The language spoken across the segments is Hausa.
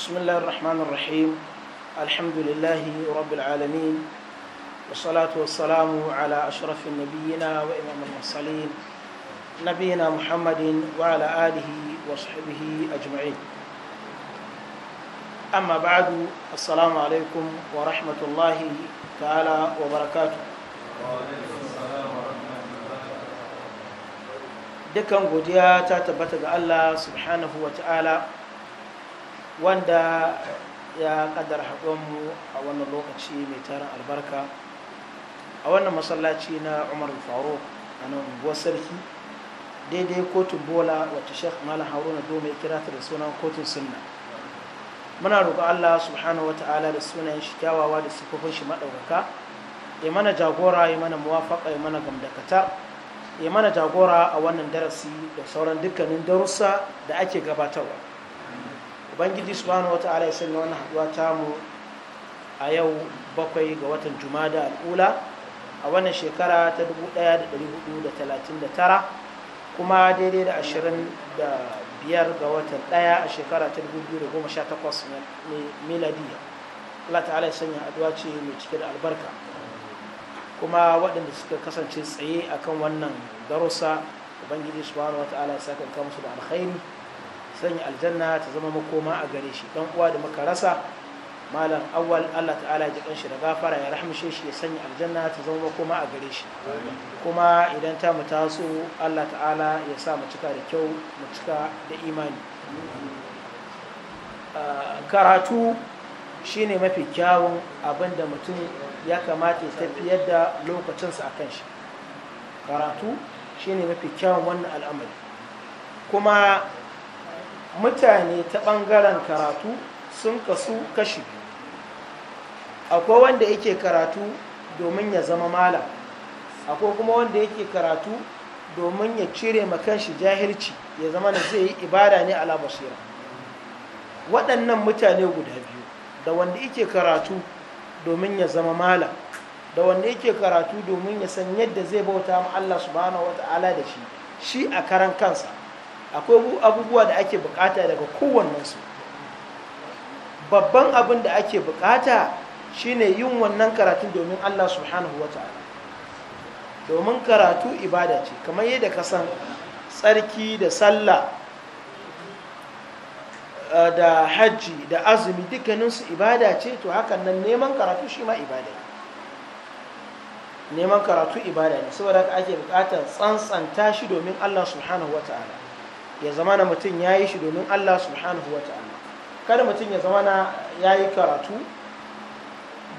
بسم الله الرحمن الرحيم الحمد لله رب العالمين والصلاة والسلام على أشرف نبينا وإمام المرسلين نبينا محمد وعلى آله وصحبه أجمعين أما بعد السلام عليكم ورحمة الله تعالى وبركاته dukan godiya ta الله ga Allah wanda ya kaddara haɗuwanmu a wannan lokaci mai tarin albarka a wannan masallaci na umar faruk a nan unguwar sarki daidai kotun bola wata sheikh malam haruna doma ya kira ta da sunan kotun sunna muna roƙo allah subhanahu wa ta'ala da sunayen shi kyawawa da sifofin shi maɗaukaka ya mana jagora ya mana muwafaƙa ya mana gamdakata ya mana jagora a wannan darasi da sauran dukkanin darussa da ake gabatarwa ubangiji subhanahu wata'ala ya sanya wani haduwa ta mu a yau bakwai ga watan jumada al'ula a wannan shekara ta 1439 kuma daidai da 25 ga watan ɗaya a shekara ta 2018 miladiya Allah ta'ala ya sanya haduwa ce mai cike da albarka kuma waɗanda suka kasance tsaye akan wannan darussa ubangiji subhanahu wata'ala ya saka musu da alkhairi sanya aljanna ta zama makoma a gare shi dan uwa da muka rasa malam awwal Allah ta'ala ya kanshi da gafara ya rahmishe shi ya sanya aljanna ta zama makoma a gare shi kuma idan ta mu taso Allah ta'ala ya sa mu cika da kyau mu cika da imani ah, karatu shine mafi kyawun abin da mutum ya kamata ya tafi yadda lokacinsa a kan shi karatu shine mafi kyawun wannan al'amari kuma mutane ta ɓangaren karatu sun kasu kashi akwai wanda yake karatu domin ya zama malam akwai kuma wanda yake karatu domin ya cire makanshi jahilci ya zama na zai yi ibada ne ala basira waɗannan mutane guda biyu da wanda yake karatu domin ya zama malam da wanda yake karatu domin ya san yadda zai bauta ma Allah subhanahu wata'ala da shi shi a karan kansa akwai abubuwa da ake bukata daga kowannensu babban abin da ake bukata shine yin wannan karatu domin Allah subhanahu wa ta'ala domin karatu ibada ce kamar yadda ka san tsarki da sallah eh, da hajji da azumi dukkaninsu ibada ce to hakan nan neman karatu shi ma ibada ne neman karatu ibada ne saboda ake bukatar tsantsanta shi domin Allah subhanahu wa ta'ala ya zama na mutum ya yi shi domin Allah subhanahu wa ta'ala kada mutum ya zama na ya yi karatu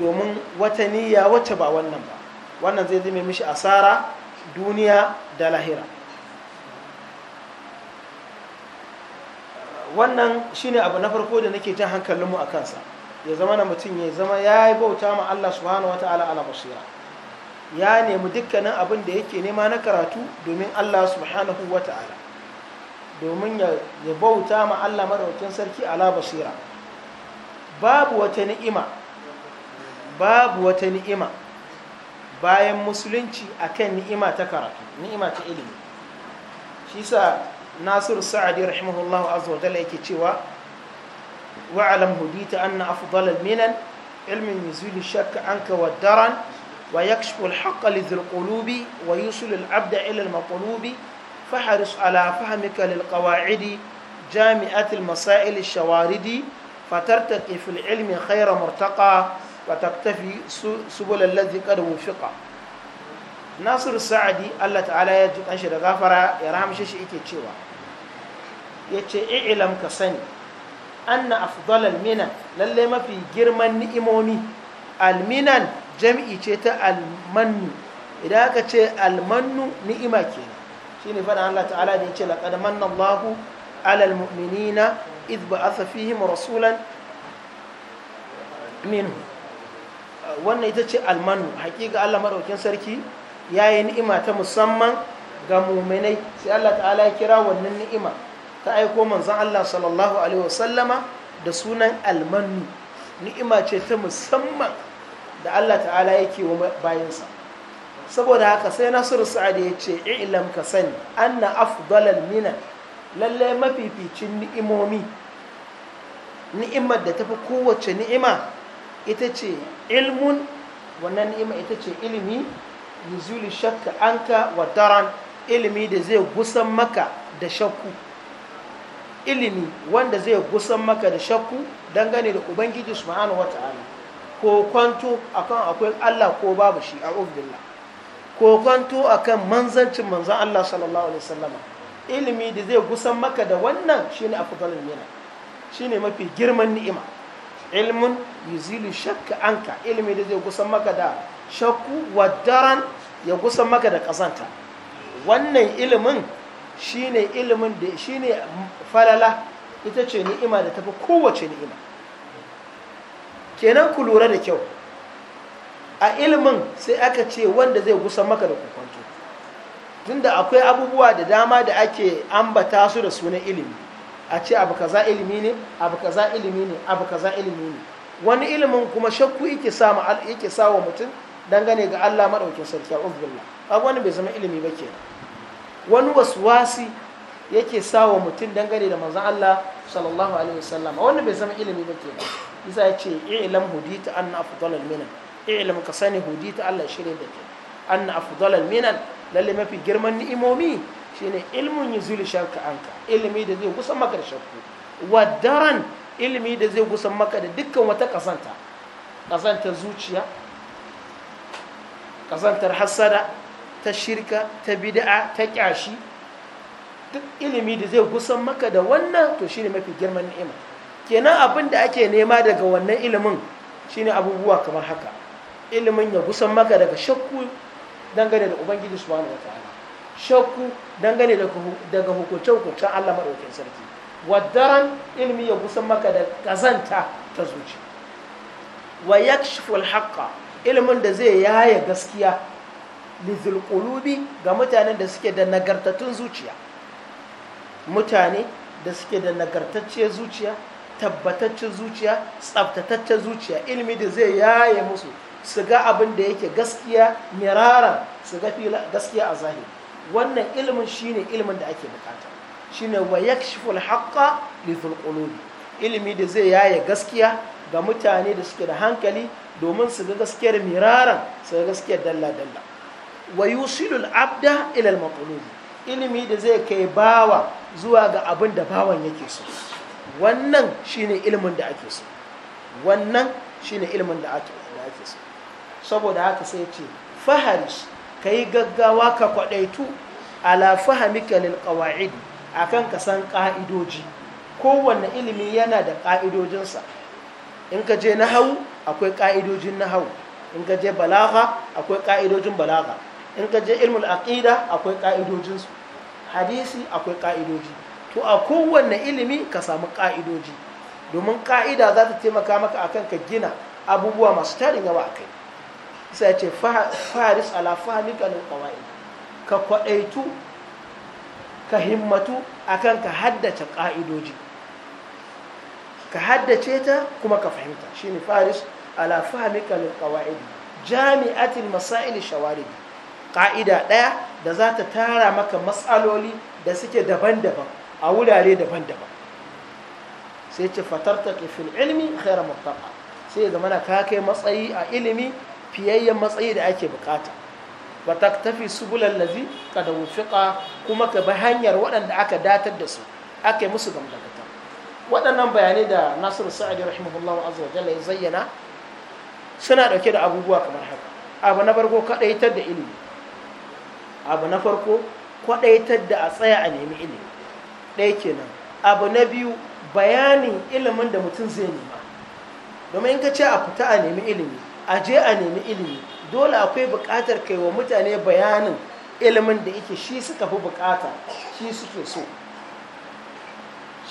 domin wata niyya wacce ba wannan ba wannan zai zama mishi asara duniya da lahira wannan shine abu na farko da nake jan hankalinmu a kansa ya zama na mutum ya zama ya yi bauta ma Allah subhanahu wa ta'ala ala basira ya nemi dukkanin abin da yake nema na karatu domin Allah subhanahu wa ta'ala domin ya bauta ma Allah maraukin sarki ala basira babu wata ni'ima babu wata ni'ima bayan musulunci akan ni'ima ta karatu ni'ima ta ilimi shi sa nasir sa'adi rahimahullahu azza yake cewa wa'alam hudita anna afdal minan ilmin yuzil shakka anka wa wa yakshifu al-haqqa lidh qulubi wa yusil al-abda ila al-maqlubi فحرص على فهمك للقواعد جامعة المسائل الشوارد فترتقي في العلم خير مرتقى وتكتفي سبل الذي قد وفق ناصر السعدي الله تعالى يجد أنشد غافرة يرحم شيء إيكي تشوى يتشي إعلم كسني أن أفضل المنن للي ما في جرما نئموني المنن جمعي تشيت المن إذا كتشي المن نئما كينا shine fada Allah ta'ala da yace laqad manna Allahu 'alal mu'minina idh ba'atha fihim rasulan minhu wannan ita ce almanu haƙiƙa Allah madaukin sarki ya yi ni'ima ta musamman ga mu'minai sai Allah ta'ala ya kira wannan ni'ima ta aiko manzon Allah sallallahu alaihi wasallama da sunan almanu ni'ima ce ta musamman da Allah ta'ala yake wa bayansa saboda haka sai nasiru sa'ad ya ce ilam ka sani anna afdalal Nina. lalle mafificin ni'imomi ni'imar da tafi kowace ni'ima ita ce ilmun wannan ni'ima ita ce ilimi yuzuli shakka anka wa daran ilimi da zai gusan maka da shakku ilimi wanda zai gusan maka da shakku dangane da ubangiji subhanahu wata'ala ko kwanto akan akwai Allah ko babu shi a billah kokonto akan manzancin manzan Allah sallallahu alaihi wasallama ilimi da zai gusan maka da wannan shine afdalul mina shine mafi girman ni'ima ilmin yuzilu shakka anka ilimi da zai gusan maka da shakku wadaran ya gusan maka da kazanta wannan ilimin shine ilimin da ne falala ita ce ni'ima da tafi kowace ni'ima kenan ku lura da kyau a ilimin sai aka ce wanda zai gusa maka da kokonto tunda akwai abubuwa da dama da ake ambata su da sunan ilimi a ce abu kaza ilimi ne abu kaza ilimi ne abu kaza ilimi ne wani ilimin kuma shakku yake sa yake sa mutum dangane ga Allah madaukin sarki a'udzubillah abu wani bai zama ilimi ba ke wani waswasi yake sawa mutum dangane da manzon Allah sallallahu alaihi wasallam wani bai zama ilimi ba ke isa ya ce i'lam hudita anna afdalul minan ilm ka sani hudita Allah shirin da ke an afdalal minan lalle mafi girman ni'imomi shine ilmun yuzulu shakka anka ilmi da zai kusan maka da shakku wa daran ilmi da zai kusan maka da dukkan wata kasanta kasantar zuciya kasantar hasada ta shirka ta bid'a ta kyashi duk ilmi da zai kusan maka da wannan to shine mafi girman ni'ima kenan abin da ake nema daga wannan ilimin shine abubuwa kamar haka ilimin ya gusan maka daga shakku dangane da ubangiji su wani wata ala shakku dangane daga hukuncin hukuncen Allah madaukakin sarki wadaran ilimin ya gusan maka da kazanta ta zuci wa yakshifu alhaqa ilimin da zai yaya gaskiya lizul qulubi ga mutanen da suke da nagartattun zuciya mutane da suke da nagartacciyar zuciya tabbataccen zuciya tsabtataccen zuciya ilimi da zai yaye musu su ga abin da yake gaskiya miraran su ga gaskiya a zahiri wannan ilimin shine ilimin da ake bukata shine wa yakshiful haqqa li qulubi ilimi da zai yaye gaskiya ga mutane da suke da hankali domin su ga gaskiyar miraran su ga gaskiyar dalla dalla wa yusilul abda ila al ilimi da zai kai bawa zuwa ga abin da bawan yake so wannan shine ilimin da ake so wannan shine ilimin da ake so saboda haka sai ce faharis ka yi gaggawa ka kwaɗaitu ala fahamika lil qawa'id akan ka san ƙa'idoji kowanne ilimi yana da ƙa'idojinsa in ka je nahawu akwai ƙa'idojin nahawu in ka je balaga akwai ƙa'idojin balaga in ka je ilmul aqida akwai ƙa'idojinsu hadisi akwai ƙa'idoji to a kowanne ilimi ka samu ƙa'idoji domin ƙa'ida za ta taimaka maka akan ka gina abubuwa masu tarin yawa a kai sai ce faris ala fahlikanul qawaid ka kwadaitu ka himmatu akan ka haddace ka'idoji ka haddace ta kuma ka fahimta shine faris ala fahlikanul qawaid jami'atin masail shawarib ka'ida daya da za ta tara maka matsaloli da suke daban-daban a wurare daban-daban sai ce fatarta fil ilmi khaira muttaqa sai zama na ka kai matsayi a ilimi fiyayyen matsayi da ake bukata ba ta tafi subulan lazi ka da wufiƙa kuma ka bi hanyar waɗanda aka datar da su aka yi musu gamdagata waɗannan bayanai da nasiru sa'adi rahimahullah azza wa jalla ya zayyana suna ɗauke da abubuwa kamar haka abu na farko kwaɗaitar da ilimi abu na farko kwaɗaitar da a tsaya a nemi ilimi ɗaya kenan abu na biyu bayanin ilimin da mutum zai nema domin in ka ce a fita a nemi ilimi aje a nemi ilimi dole akwai buƙatar kai wa mutane bayanin ilimin da yake shi suka fi buƙata shi suke so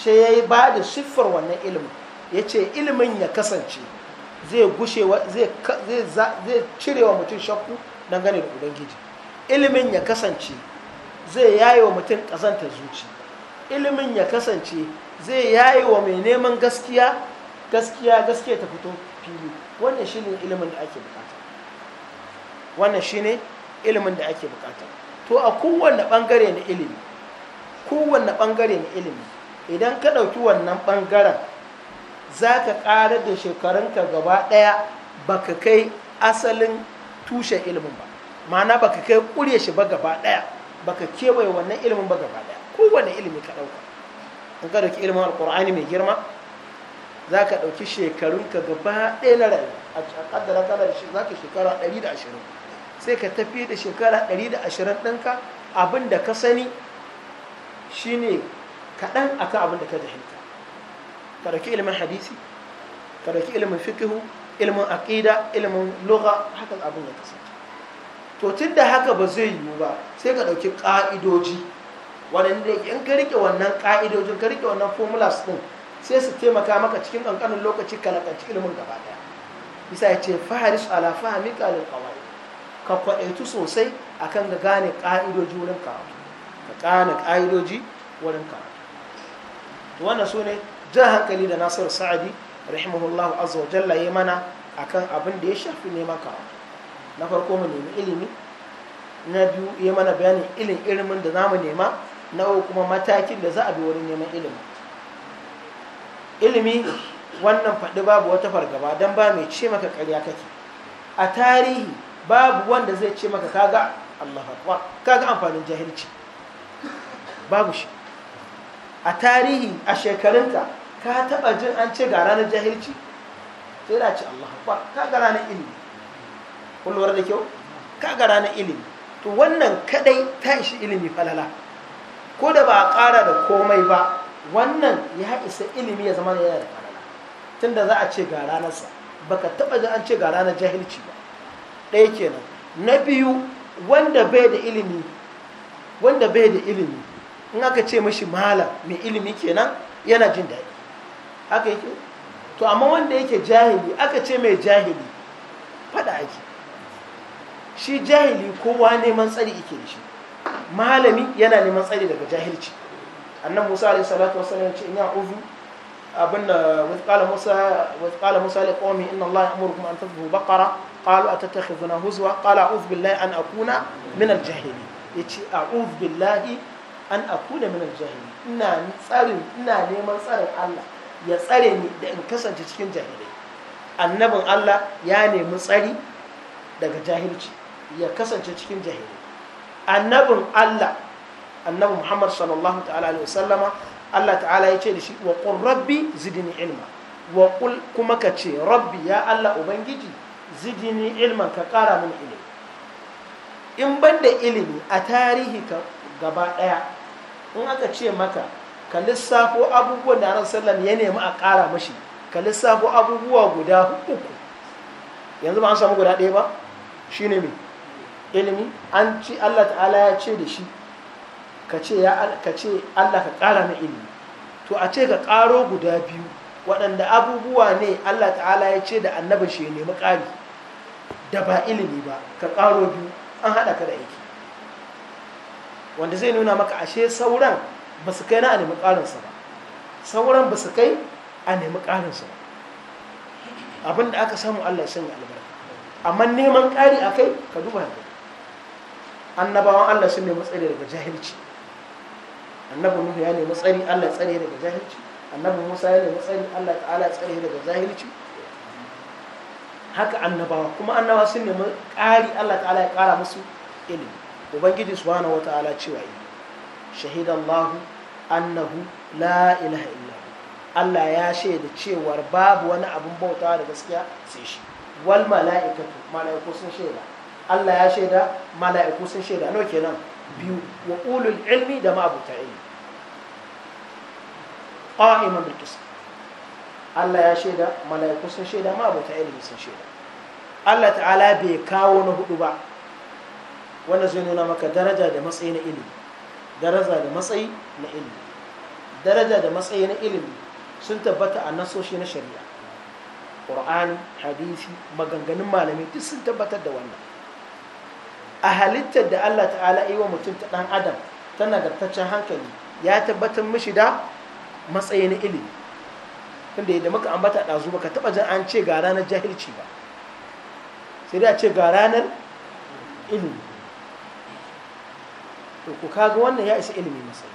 shi ya yi ba da siffar wannan ilimin ya ce ilimin ya kasance zai gushe zai cire wa mutum shakku dangane da ubangiji ilimin ya kasance zai yayi wa mutum ƙazanta zuci ilimin ya kasance zai yayi wa mai neman gaskiya gaskiya gaskiya ta fito fili wannan shine ilimin da ake bukata wannan shine ilimin da ake bukata to a kowane bangare na ilimi kowane bangare na ilimi idan ka ɗauki wannan bangaren za ka ƙara da shekarunka gaba ɗaya ba ka kai asalin tushe ilimin ba ma'ana ba ka kai ƙure shi ba gaba ɗaya ba ka kewaye wannan ilimin ba gaba ɗaya kowane ilimi ka ɗauka in ka ɗauki ilimin alƙur'ani mai girma za ka ɗauki shekarun ka gaba ɗaya na rayu a ƙaddara kana da za ka shekara 120 sai ka tafi da shekara 120 ɗinka abin da ka sani shine kaɗan akan abin da ka jahilta ka ɗauki ilimin hadisi ka ɗauki ilimin fikihu ilimin aƙida ilimin lugha haka abin ka sani to tun da haka ba zai yiwu ba sai ka ɗauki ƙa'idoji wadanda in ka riƙe wannan ƙa'idojin ka riƙe wannan formulas ɗin sai su taimaka maka cikin kankanin lokaci ka lakanci ilimin gaba ɗaya bisa ya ce su ala fahami lil ƙawai ka kwaɗaitu sosai akan ga gane ƙa'idoji wurin karatu ka gane ƙa'idoji wurin karatu wannan su ne jan hankali da Nasiru sa'adi rahimahullahu azza wa jalla ya mana akan abin da ya shafi neman karatu na farko mu nemi ilimi na biyu ya mana bayanin ilin ilimin da za mu nema na uku kuma matakin da za a bi wurin neman ilimin ilimi wannan faɗi babu wata fargaba don ba mai ce maka ƙarya kake a tarihi babu wanda zai ce maka kaga Allah kaga amfanin jahilci babu shi a tarihi a shekarunta ka taɓa jin an ce ga ranar jahilci sai da ce Allah ka ga ranar ilimi kun lura da kyau kaga ga ranar ilimi to wannan kadai ta ishi ilimi falala ko da ba a ƙara da komai ba wannan ya isa ilimi ya zama yana da falala tunda za a ce ga ranarsa baka taba ji an ce ga ranar jahilci ba ɗaya kenan na biyu wanda bai da ilimi wanda bai da ilimi in aka ce mashi mahala mai ilimi kenan yana jin daɗi haka yake to amma wanda yake jahili aka ce mai jahili faɗa ake shi jahili kowa neman tsari ike da shi malami yana neman tsari daga jahilci annan musa alaihi salatu wa wasallam ce ina uzu abin da wazqala musa wazqala musa li qaumi inna allaha ya'murukum an tafi tadhbu baqara qalu atattakhizuna huzwa qala a'udhu billahi an akuna min al-jahili yace a'udhu billahi an akuna min al-jahili ina tsarin ina neman tsarin Allah ya tsare ni da in kasance cikin jahilai annabin Allah ya nemi tsari daga jahilci ya kasance cikin jahilai annabin Allah annabi muhammad sallallahu ta'ala alaihi wasallama allah ta'ala ya ce da shi wa qul rabbi zidni ilma wa qul kuma ka ce rabbi ya allah ubangiji zidni ilma ka kara min ilimi in ban da ilimi a tarihi ka gaba daya in aka ce maka ka lissafo abubuwan da annabi sallam ya nemi a kara mashi ka lissafo abubuwa guda uku yanzu ba an samu guda ɗaya ba shine me ilimi an ci allah ta'ala ya ce da shi ka ce Allah ka ƙara na ilimi to a ce ka ƙaro guda biyu waɗanda abubuwa ne Allah ta'ala ya ce da annabi shi ya nemi ƙari da ba ilimi ba ka ƙaro biyu an haɗa ka da aiki wanda zai nuna maka ashe sauran ba su kai na a nemi ƙarinsa ba sauran ba su kai a nemi ƙarinsa ba abin da aka samu allah ya sanya albarka amma neman ƙari a kai ka duba da annabawan allah sun nemi tsari daga jahilci annabi nuhu ya nemi tsari Allah ya tsare daga jahilci annabi musa ya nemi tsari Allah ta'ala ya tsare daga jahilci haka annabawa kuma annabawa sun nemi ƙari Allah ta'ala ya ƙara musu ilimi ubangiji subhanahu wata'ala cewa yi shahidallahu annahu la ilaha illahu Allah ya shaida cewar babu wani abun bautawa da gaskiya sai shi wal mala'ikatu mala'iku sun shaida Allah ya shaida mala'iku sun shaida nawa kenan biyu wa ulul ilmi da ma'abuta ilmi qa'iman bil qist Allah ya shaida mala'iku sun shaida ma'abuta ilmi sun shaida Allah ta'ala bai kawo na hudu ba wanda zai nuna maka daraja da matsayi na ilimi daraja da matsayi na ilimi daraja da matsayi na ilimi sun tabbata a nasoshi na shari'a ƙur'ani hadisi maganganun malamai duk sun tabbatar da wannan a halittar da Allah ta'ala yi wa mutum ta ɗan adam ta nagartaccen hankali ya tabbatar mishi da matsayi na ilimi tunda yadda muka ambata ɗazu ba ka taɓa jin an ce ga ranar jahilci ba sai dai a ce ga ranar ilimi to ku kaga wannan ya isa ilimi masai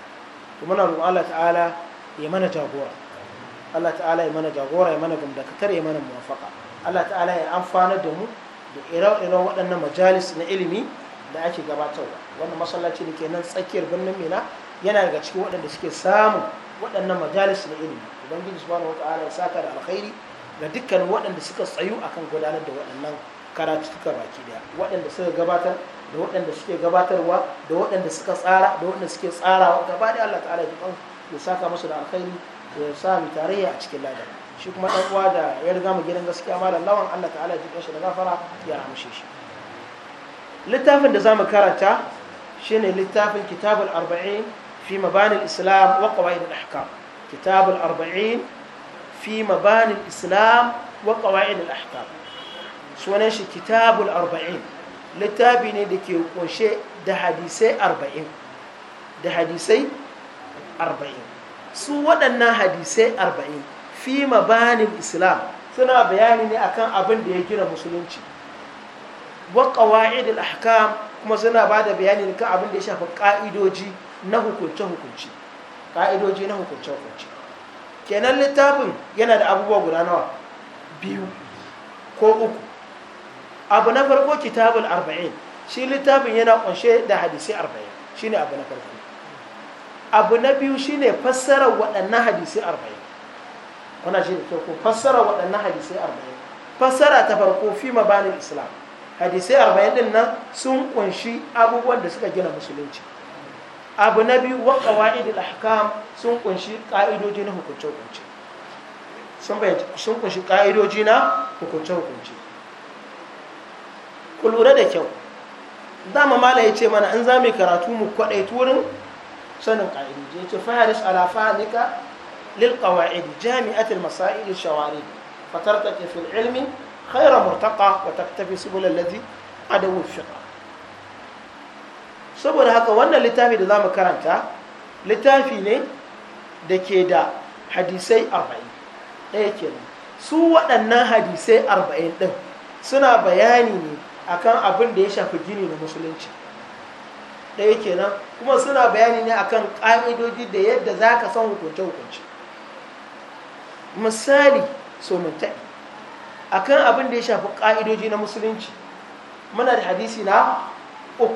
to muna roƙon Allah ta'ala ya mana jagora Allah ta'ala ya mana jagora ya mana gamdakatar ya mana muwafaqa Allah ta'ala ya amfana da mu da ire-iren waɗannan majalis na ilimi da ake gabatarwa wannan masallaci da ke nan tsakiyar birnin mina yana daga cikin waɗanda suke samun waɗannan majalis na ilimi ubangiji subhanahu wata'ala ya saka da alkhairi ga dukkan waɗanda suka tsayu akan gudanar da waɗannan karatuka baki daya waɗanda suka gabatar da waɗanda suke gabatarwa da waɗanda suka tsara da waɗanda suke tsarawa gaba da Allah ta'ala ya saka musu da alkhairi ya sa mu tarayya a cikin ladan shi kuma dan uwa da ya riga mu gidan gaskiya malam lawan Allah ta'ala ya ji shi da gafara ya ramshe shi littafin da zamu karanta shine littafin kitabul arba'in fi mabani al-islam wa qawaid al-ahkam kitabul arba'in fi mabani al-islam wa qawaid al-ahkam sunan shi kitabul arba'in littafi ne da ke kunshe da hadisai arba'in da hadisai arba'in su waɗannan hadisai arba'in fi mabanin islam suna bayani ne akan abin da ya gina musulunci wa qawaid al ahkam kuma suna ba da bayani ne kan abin da ya shafi ka'idoji na hukunce hukunci ka'idoji na hukunce hukunci kenan littafin yana da abubuwa guda nawa biyu ko uku abu na farko kitabul arba'in shi littafin yana kunshe da hadisi arba'in shine abu na farko abu na biyu shine fassara waɗannan hadisi arba'in wannan shi da kyau ko fassara waɗannan hadisai arba'in fassara ta farko fi bani islam hadisai arba'in din nan sun kunshi abubuwan da suka gina musulunci abu na biyu wa qawaid al sun kunshi ka'idoji na hukunce hukunce sun sun kunshi ka'idoji na hukunce hukunce ku lura da kyau dama mala ya ce mana in za mu karatu mu kwaɗaitu wurin sanin ka'idoji ya ce Fahimtar alafa nika للقواعد جامعة المسائل الشوارد فترتقي في العلم خير مرتقى وتكتفي سبل الذي عدو الفقه saboda haka wannan littafi da za mu karanta littafi ne da ke da hadisai arba'in ɗaya nan, su waɗannan hadisai arba'in ɗin suna bayani ne akan abin da ya shafi gini na musulunci ɗaya kenan kuma suna bayani ne akan ƙa'idoji da yadda za ka san hukunce-hukunce misali so mun a kan abin da ya shafi ƙa'idoji na musulunci muna da hadisi na uku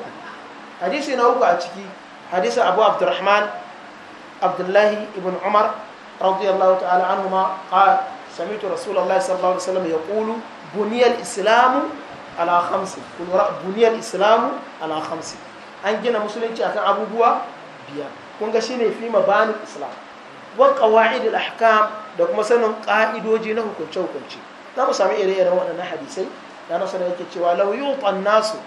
hadisi na uku a ciki hadisi abu abdurrahman abdullahi ibn umar radiyallahu ta'ala anhuma qala sami'tu rasulullahi sallallahu alaihi wasallam yaqulu buniyal islamu ala khamsin islamu ala an gina musulunci akan abubuwa biyar kun ga shine fi mabanin islam wa qawaid al ahkam da kuma sanin ka'idoji na hukunce hukunce za mu sami ire-iren waɗannan hadisai da na sanar yake cewa law yuqan nasu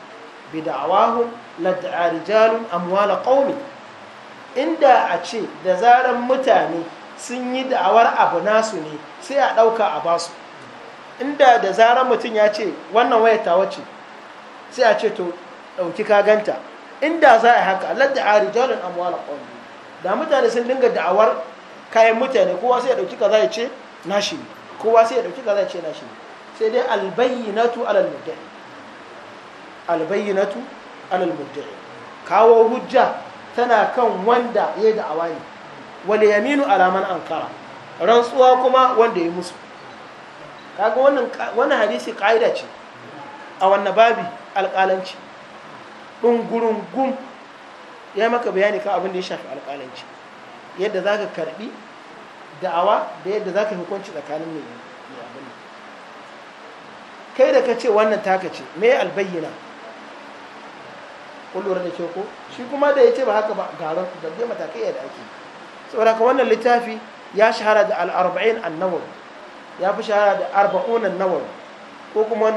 bi da'awahum la rijalun amwala qaumi inda a ce da zaran mutane sun yi da'awar abu nasu ne sai a ɗauka a basu inda da zaran mutum ya ce wannan waya ta wace sai a ce to ɗauki ka ganta inda za a haka ladda a rijalun amwala da mutane sun dinga da'awar kayan mutane kowa sai ya dauki kaza ya ce nashi ne kowa sai ya dauki kaza ya ce nashi ne sai dai albayyinatu alal mudda'i albayyinatu alal mudda'i kawo hujja tana kan wanda ya yi da'awa ne wal yaminu alaman ankara rantsuwa kuma wanda ya musu kaga wannan wannan hadisi ka'ida ce a wannan babi alƙalanci ɗungurun gum ya maka bayani kan abin da ya shafi alƙalanci yadda za ka karɓi da'awa da yadda za ka hukunci tsakanin mai abin kai da ka ce wannan taka ce me albayyana kun da ke ko shi kuma da ya ce ba haka ba garin da zai matakai yadda ake saboda ka wannan littafi ya shahara da al'arba'in nawar ya fi shahara da arba'un nawar ko kuma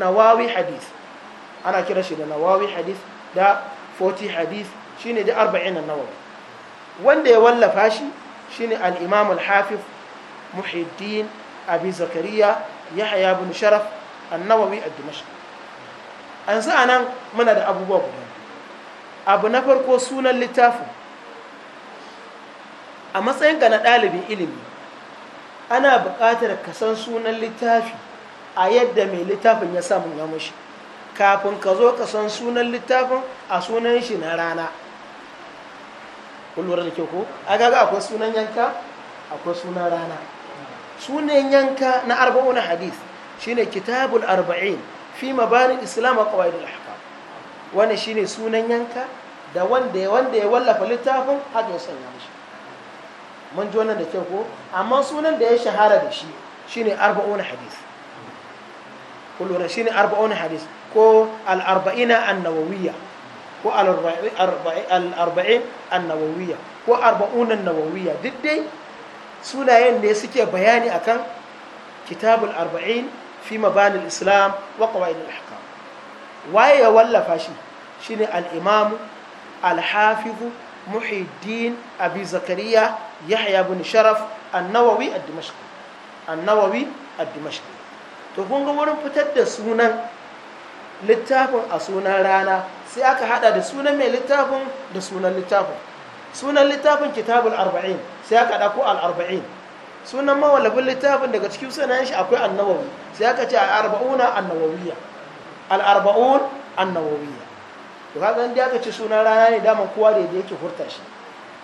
nawawi hadis ana kira shi da nawawi hadis da 40 hadis shine da arba'in nawar wanda ya wallafa shi shine al Al'imam al-hafiz muhiddin abi zakariya yahya bin sharaf an-nawawi an sa nan muna da abubuwa guda abu na farko sunan littafin a matsayinka na ɗalibin ilimi ana buƙatar ka san sunan littafi a yadda mai littafin ya samu ya kafin ka zo ka san sunan littafin a sunan shi na rana kun da kyau ko a gaga akwai sunan yanka akwai sunan rana sunan yanka na arba'u arba'un hadith shine kitabul arba'in fi mabani islam wa qawaidul ahkam wannan shine sunan yanka da wanda wanda ya wallafa littafin haka ya sanya mishi mun ji wannan da kyau ko amma sunan da ya shahara da shi shine arba'un hadith kun lura shine na hadis ko al arba'ina an-nawawiyya ko al-arba'in an-nawawiyya ko arba'un an-nawawiyya duk dai sunayen ne suke bayani akan kitabul arba'in fi mabanil islam wa qawaid al waye ya wallafa shi shine al-imam al-hafiz muhiddin abi zakariya yahya bin sharaf an-nawawi nawawi to kun ga wurin fitar da sunan littafin a sunan rana sai aka hada da sunan mai littafin da sunan littafin sunan littafin kitabul arba'in sai aka ko al arba'in sunan mawallafin littafin daga cikin sunayen shi akwai annawawi sai aka ce al arba'una annawawiyya al arba'un annawawiyya to kaga dai aka ce sunan rana ne man kowa da yake hurta shi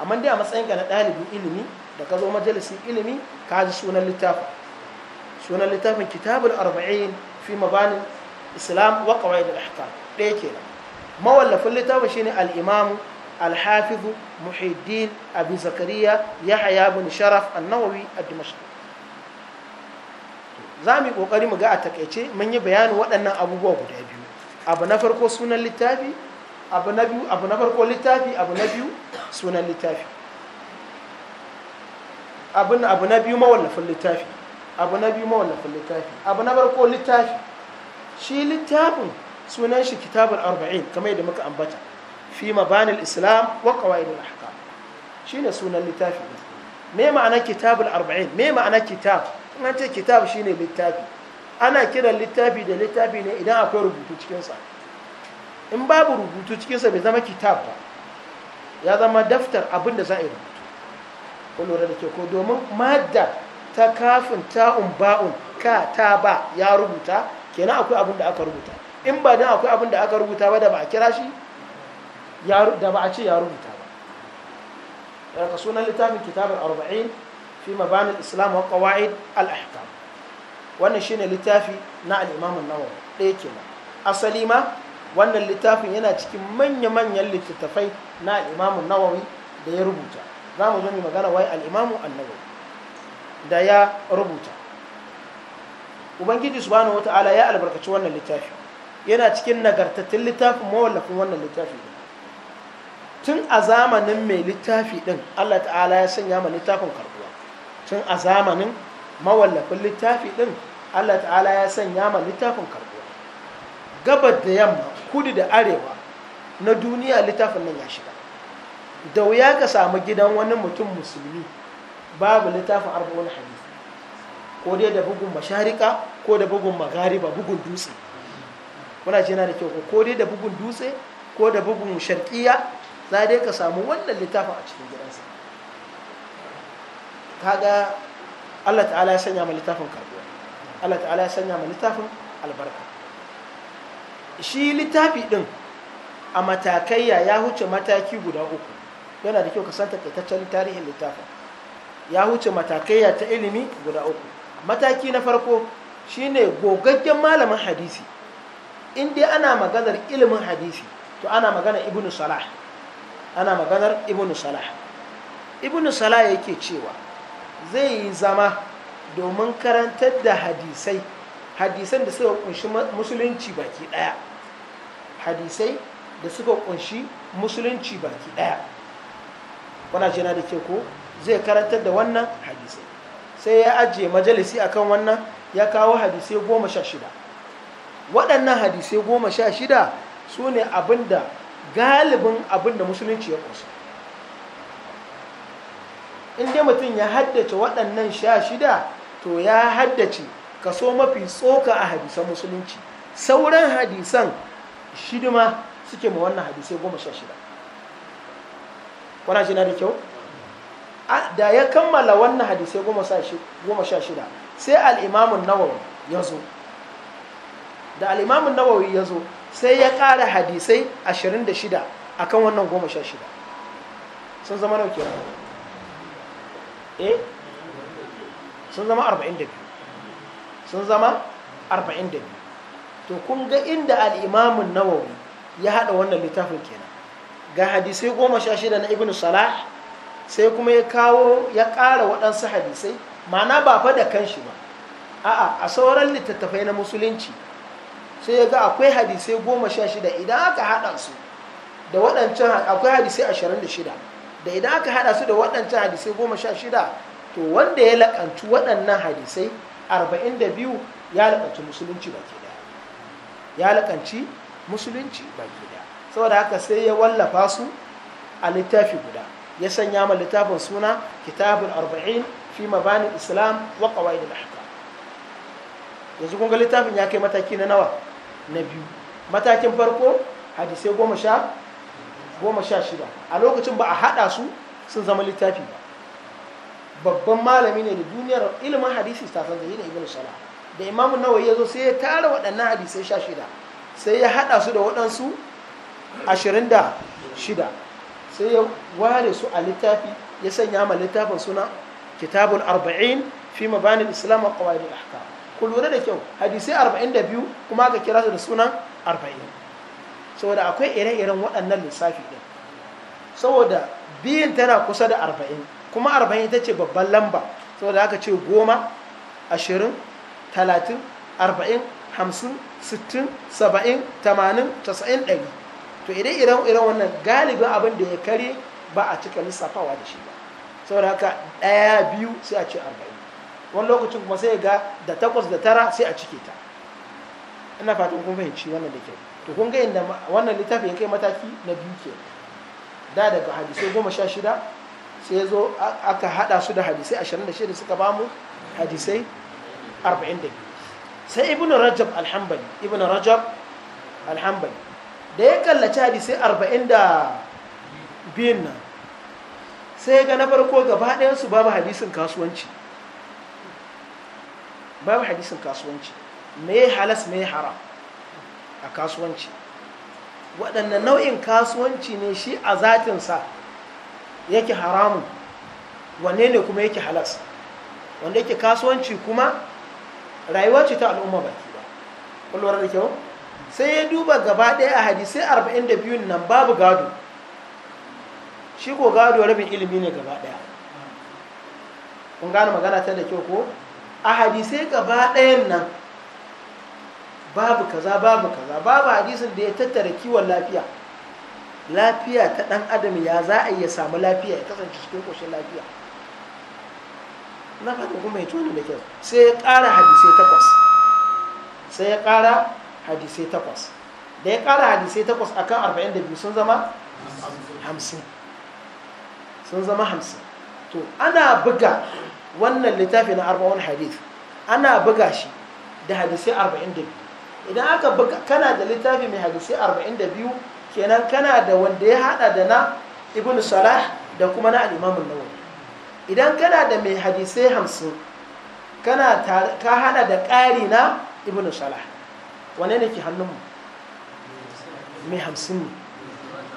amma dai a matsayin ka na ɗalibin ilimi da ka zo majalisin ilimi ka ji sunan littafin sunan littafin kitabul arba'in fi mabanin islam wa qawaid al-ahkam ɗaya kenan mawallafin littafin shine al-imam al-hafiz muhiddin abi zakariya yahya bin sharaf an-nawawi dimashq za mu yi kokari mu ga a takaice mun yi bayanin waɗannan abubuwa guda biyu abu na farko sunan littafi abu na biyu abu na farko littafi abu na biyu sunan littafi abu na biyu mawallafin littafi abu na biyu mawallafin littafi abu na farko littafi shi littafin sunan shi kitabul arba'in kamar yadda muka ambata fi mabanil islam wa qawaidul ahkam shine sunan littafi me ma'ana kitabul arba'in me ma'ana kitab in an ce kitab shine littafi ana kiran littafi da littafi ne idan akwai rubutu cikin sa in babu rubutu cikin sa bai zama kitab ba ya zama daftar abin da za a yi rubutu ko lura da ke ko domin madda ta kafin ta'un ba'un ka ta ba ya rubuta kenan akwai abin da aka rubuta in ba dan akwai abin da aka rubuta ba da ba a kira shi da ba a ce ya rubuta ba daga sunan littafin kitabar arba'in fi mabani islam wa kawai al wannan shi shine littafi na al imam an ke ɗaya asali ma wannan littafin yana cikin manya-manyan littattafai na al-imam nawawi da ya rubuta za mu zo mu magana wai al-imam an da ya rubuta ubangiji subhanahu ta'ala ya albarkaci wannan littafi yana cikin nagartattun littafin mawallafin wannan littafi tun a zamanin mai littafi din Allah ta'ala ya sanya ma littafin karbuwa tun a zamanin mawallafin littafi din Allah ta'ala ya sanya ma littafin karbuwa gabar da yamma kudu da arewa na duniya littafin nan ya shiga da wuya ka samu gidan wani mutum musulmi babu littafin arba wani hadisi ko dai da bugun masharika ko da bugun magariba bugun dutse kuna ce na da kyau ko dai da bugun dutse ko da bugun sharkiya za dai ka samu wannan littafin a cikin gidansa kaga Allah ta'ala ya sanya ma littafin karbuwa Allah ta'ala ya sanya ma littafin albarka shi littafi din a matakaiya ya huce mataki guda uku yana da kyau ka san takaitaccen tarihin littafin ya huce matakaiya ta ilimi guda uku mataki na farko shine gogaggen malamin hadisi in dai ana maganar ilimin hadisi to ana maganar ibnu salah ana maganar ibnu salah ibnu salah yake cewa zai yi zama domin karantar da hadisai hadisan da suka kunshi musulunci baki daya hadisai da suka kunshi musulunci baki daya wana jina da ke ko zai karantar da wannan hadisai sai ya ajiye majalisi a kan wannan ya kawo hadisai goma sha shida waɗannan hadisai goma sha shida su ne abin galibin abin da musulunci ya ƙunsa inda mutum ya haddace waɗannan sha shida to ya haddace kaso mafi tsoka a hadisan musulunci sauran hadisan shidima suke ma wannan hadisai goma sha shida kwana na da kyau da ya kammala wannan hadisai goma sha shida sai al'imamun nawawi ya zo da al'imamun nawawi ya zo sai ya ƙara hadisai ashirin da shida a kan wannan goma sha shida sun zama nauke eh sun zama arba'in da biyu sun zama arba'in da biyu to kun ga inda al'imamun nawawi ya haɗa wannan littafin kenan ga hadisai goma sha shida na ibn salah sai kuma ya kawo ya ƙara waɗansu hadisai ma'ana ba fa da kanshi ba a'a a sauran littattafai na musulunci sai ya ga akwai hadisai goma sha shida idan aka haɗa su da waɗancan akwai hadisai ashirin da shida da idan aka haɗa su da waɗancan hadisai goma sha shida to wanda ya laƙanci waɗannan hadisai arba'in da biyu ya laƙanci musulunci baki ɗaya ya laƙanci musulunci baki ɗaya saboda haka sai ya wallafa su a littafi guda ya sanya ma littafin suna kitabun arba'in fi mabanin islam wa da ahkam yanzu kun ga littafin ya kai mataki na nawa na biyu matakin farko hadisai goma sha goma sha shida a lokacin ba a haɗa su sun zama littafi ba babban malami ne da duniyar ilimin hadisi ta san zai ibn salah da Imamun Nawa ya zo sai ya tara waɗannan hadisai sha shida sai ya haɗa su da waɗansu ashirin da shida sai ya ware su a littafi ya sanya ma littafin suna kitabul arba'in fi mabanin islam a da ahkam ku lura da kyau hadisai arba'in da biyu kuma aka kira su da sunan arba'in saboda akwai ire-iren waɗannan lissafi ɗin saboda biyun tana kusa da arba'in kuma arba'in ita ce babban lamba saboda aka ce goma ashirin talatin arba'in hamsin sittin saba'in tamanin tasa'in ɗari to idan irin iran wannan galibin abin da ya kare ba a cika lissafawa da shi ba saboda haka ɗaya biyu sai a ce arba'in wani lokacin kuma sai ga da takwas da tara sai a cike ta ina fatan kun fahimci wannan da kyau to kun ga inda wannan littafin ya kai mataki na biyu ke da daga hadisai goma sha shida sai zo aka hada su da hadisai ashirin da shida suka bamu hadisai arba'in da biyu sai ibn rajab alhambali ibn rajab alhambali da ya kallaci hadisai arba'in da biyun nan sai ga na farko gaba ɗayansu babu hadisin kasuwanci babu hadisin kasuwanci mai halas mai haram a kasuwanci waɗanne nau'in kasuwanci ne shi a zatinsa yake haramu? wanne ne kuma yake halas wanda yake kasuwanci kuma rayuwa ce ta al'umma baki ba kullum da kyau sai ya duba gaba ɗaya a hadisai 42 nan babu gado shi ko gado rabin ilimi ne gaba ɗaya kun gane magana ta da kyau ko a hadisai gaba ɗayan nan babu kaza babu kaza babu hadisin da ya tattara kiwon lafiya lafiya ta ɗan adam ya za a iya samu lafiya ya kasance cikin ƙoshin lafiya na fata kuma ya tuni da kyau sai ya ƙara hadisai takwas sai ya ƙara hadisai takwas da ya kara hadisai takwas a kan arba'in da biyu sun zama hamsin sun zama hamsin to ana buga wannan littafi na arba'un hadis ana buga shi da hadisai arba'in da biyu idan aka buga kana da littafi mai hadisai arba'in da biyu kenan kana da wanda ya hada da na ibn salah da kuma na al'imamun nawawi idan kana da mai hadisai hamsin kana ka hada da ƙari na ibn salah wane ne ke hannunmu mai hamsin ne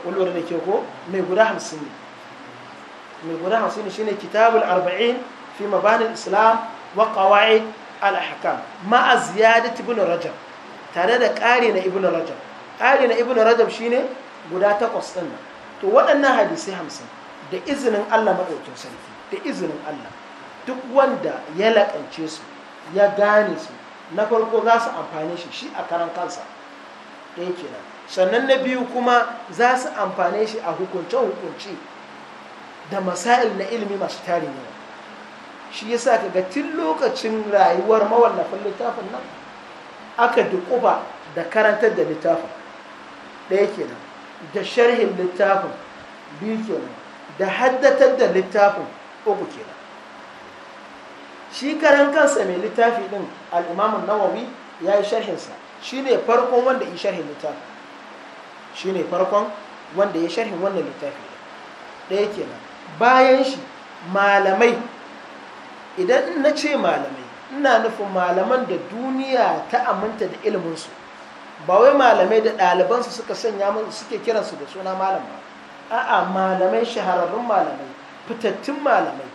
ƙulwar da ke ko mai guda hamsin ne mai guda hamsin ne shine kitabul arba'in fi mabanin islam wa qawaid al ahkam ma aziyadat rajab tare da ƙari na ibn rajab ƙari na ibn rajab shine guda takwas ɗin nan to waɗannan hadisai hamsin da izinin Allah maɗaukin sarki da izinin Allah duk wanda ya laƙance su ya gane su na farko za su amfane shi shi a karan kansa ɗin kenan sannan na biyu kuma za su amfane shi a hukunce hukunci, da masail na ilimi masu tarin yau shi ya yasa kaga tun lokacin rayuwar mawallafin littafin nan aka dukuba da karantar da littafin ɗaya kenan da sharhin littafin biyu kenan da haddatar da littafin uku kenan shi karan kansa mai littafi din al'imamun nawawi ya yi sharhinsa shi ne farkon wanda ya sharhin littafi shi ne farkon wanda ya sharhin wannan littafi ɗaya kenan bayan shi malamai idan na ce malamai ina nufin malaman da duniya ta aminta da iliminsu ba wai malamai da ɗalibansu suka sanya suke kiransu da suna malam ba a'a malamai shahararrun malamai fitattun malamai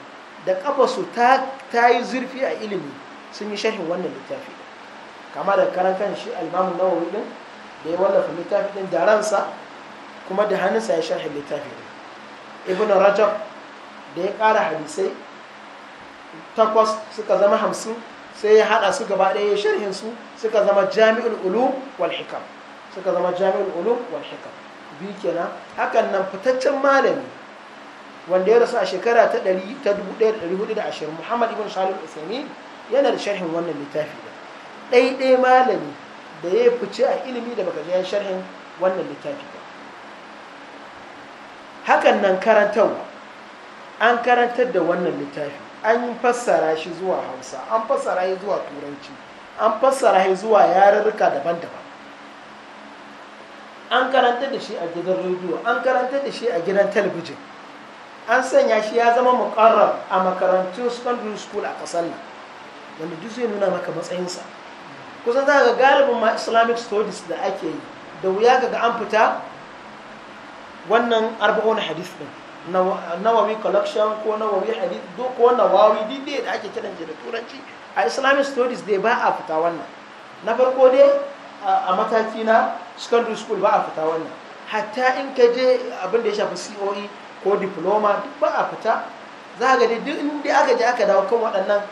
da kafa su ta ta yi zurfi a ilimi sun yi sharhin wannan littafi kama da karan kan shi almamun nawawi din da ya wallafa littafi din da ransa kuma da hannunsa ya sharhin littafi din ibn rajab da ya kara hadisai takwas suka zama hamsin sai ya haɗa su gaba ɗaya ya sharhin su suka zama jami'ul ulum wal hikam suka zama jami'ul ulum wal hikam bi kenan hakan nan fitaccen malami wanda ya rasu a shekara ta 1420 muhammad ibn salim usaimi yana da sharhin wannan littafi da ɗaiɗai malami da ya fice a ilimi da baka ji sharhin wannan littafi ba hakan nan karantarwa an karantar da wannan littafi an yi fassara shi zuwa hausa an fassara shi zuwa turanci an fassara shi zuwa yarurruka daban-daban an karantar da shi a gidan rediyo an karantar da shi a gidan talabijin an sanya shi ya zama mukarrar a makarantun secondary school a ƙasar nan wanda duk zai nuna maka matsayinsa kusan za ga galibin ma islamic studies da ake yi da wuya ga an fita wannan arba'un hadith din nawawi collection ko nawawi hadith ko nawawi dide da ake kiran da turanci a islamic studies dai ba a fita wannan na farko dai a mataki na secondary school ba a fita wannan hatta in ka je abin da ya shafi coe ko diploma duk ba a fita za ga dai duk inda aka je aka dawo kan waɗannan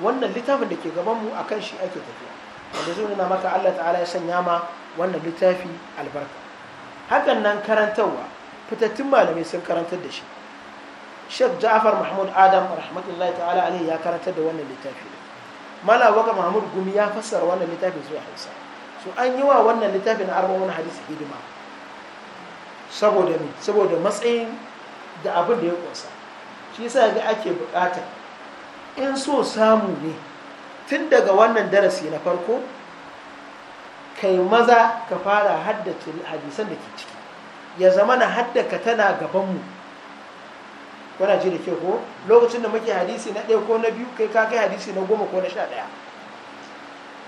wannan littafin da ke gaban mu akan shi ake tafiya wanda zai nuna maka Allah ta'ala ya sanya ma wannan littafi albarka hakan nan karantarwa fitattun malamai sun karantar da shi Sheikh Ja'far Mahmud Adam rahmatullahi ta'ala alaihi ya karantar da wannan littafi Mala Waka Mahmud Gumi ya fassara wannan littafin zuwa Hausa so an yi wa wannan littafin na arba'un hadisi hidima saboda saboda matsayin da abin da ya kunsa shi yasa ga ake bukata in so samu ne tun daga wannan darasi na farko kai maza ka fara haddace hadisan da ke ciki ya zama na haddaka tana gabanmu wana ji da ke ko lokacin da muke hadisi na ɗaya ko na biyu kai ka kai hadisi na goma ko na sha ɗaya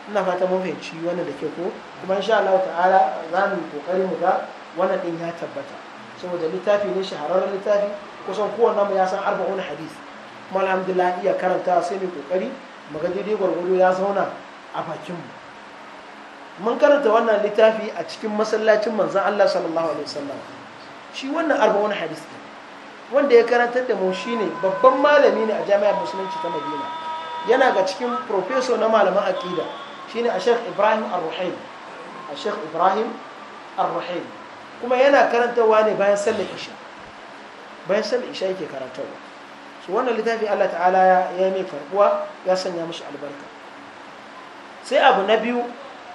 ina fata mun fahimci wannan da ke ko kuma insha Allah ta'ala za mu kokari mu ga wannan din ya tabbata saboda littafi ne shahararren littafi kusan kowanne mu ya san arba'un hadis kuma alhamdulillah iya karanta sai mai kokari maga daidai gwargwado ya zauna a bakin mu mun karanta wannan littafi a cikin masallacin manzon Allah sallallahu alaihi wasallam shi wannan arba'un hadis ne wanda ya karanta da mu shine babban malami ne a jami'ar musulunci ta Madina yana ga cikin professor na malaman aqida shine a Sheikh Ibrahim Ar-Ruhaili a Sheikh Ibrahim ar kuma yana karantarwa ne bayan sallar isha bayan sallar isha yake karantarwa su wannan littafi Allah ta'ala ya mai karbuwa ya sanya mashi albarka sai abu na biyu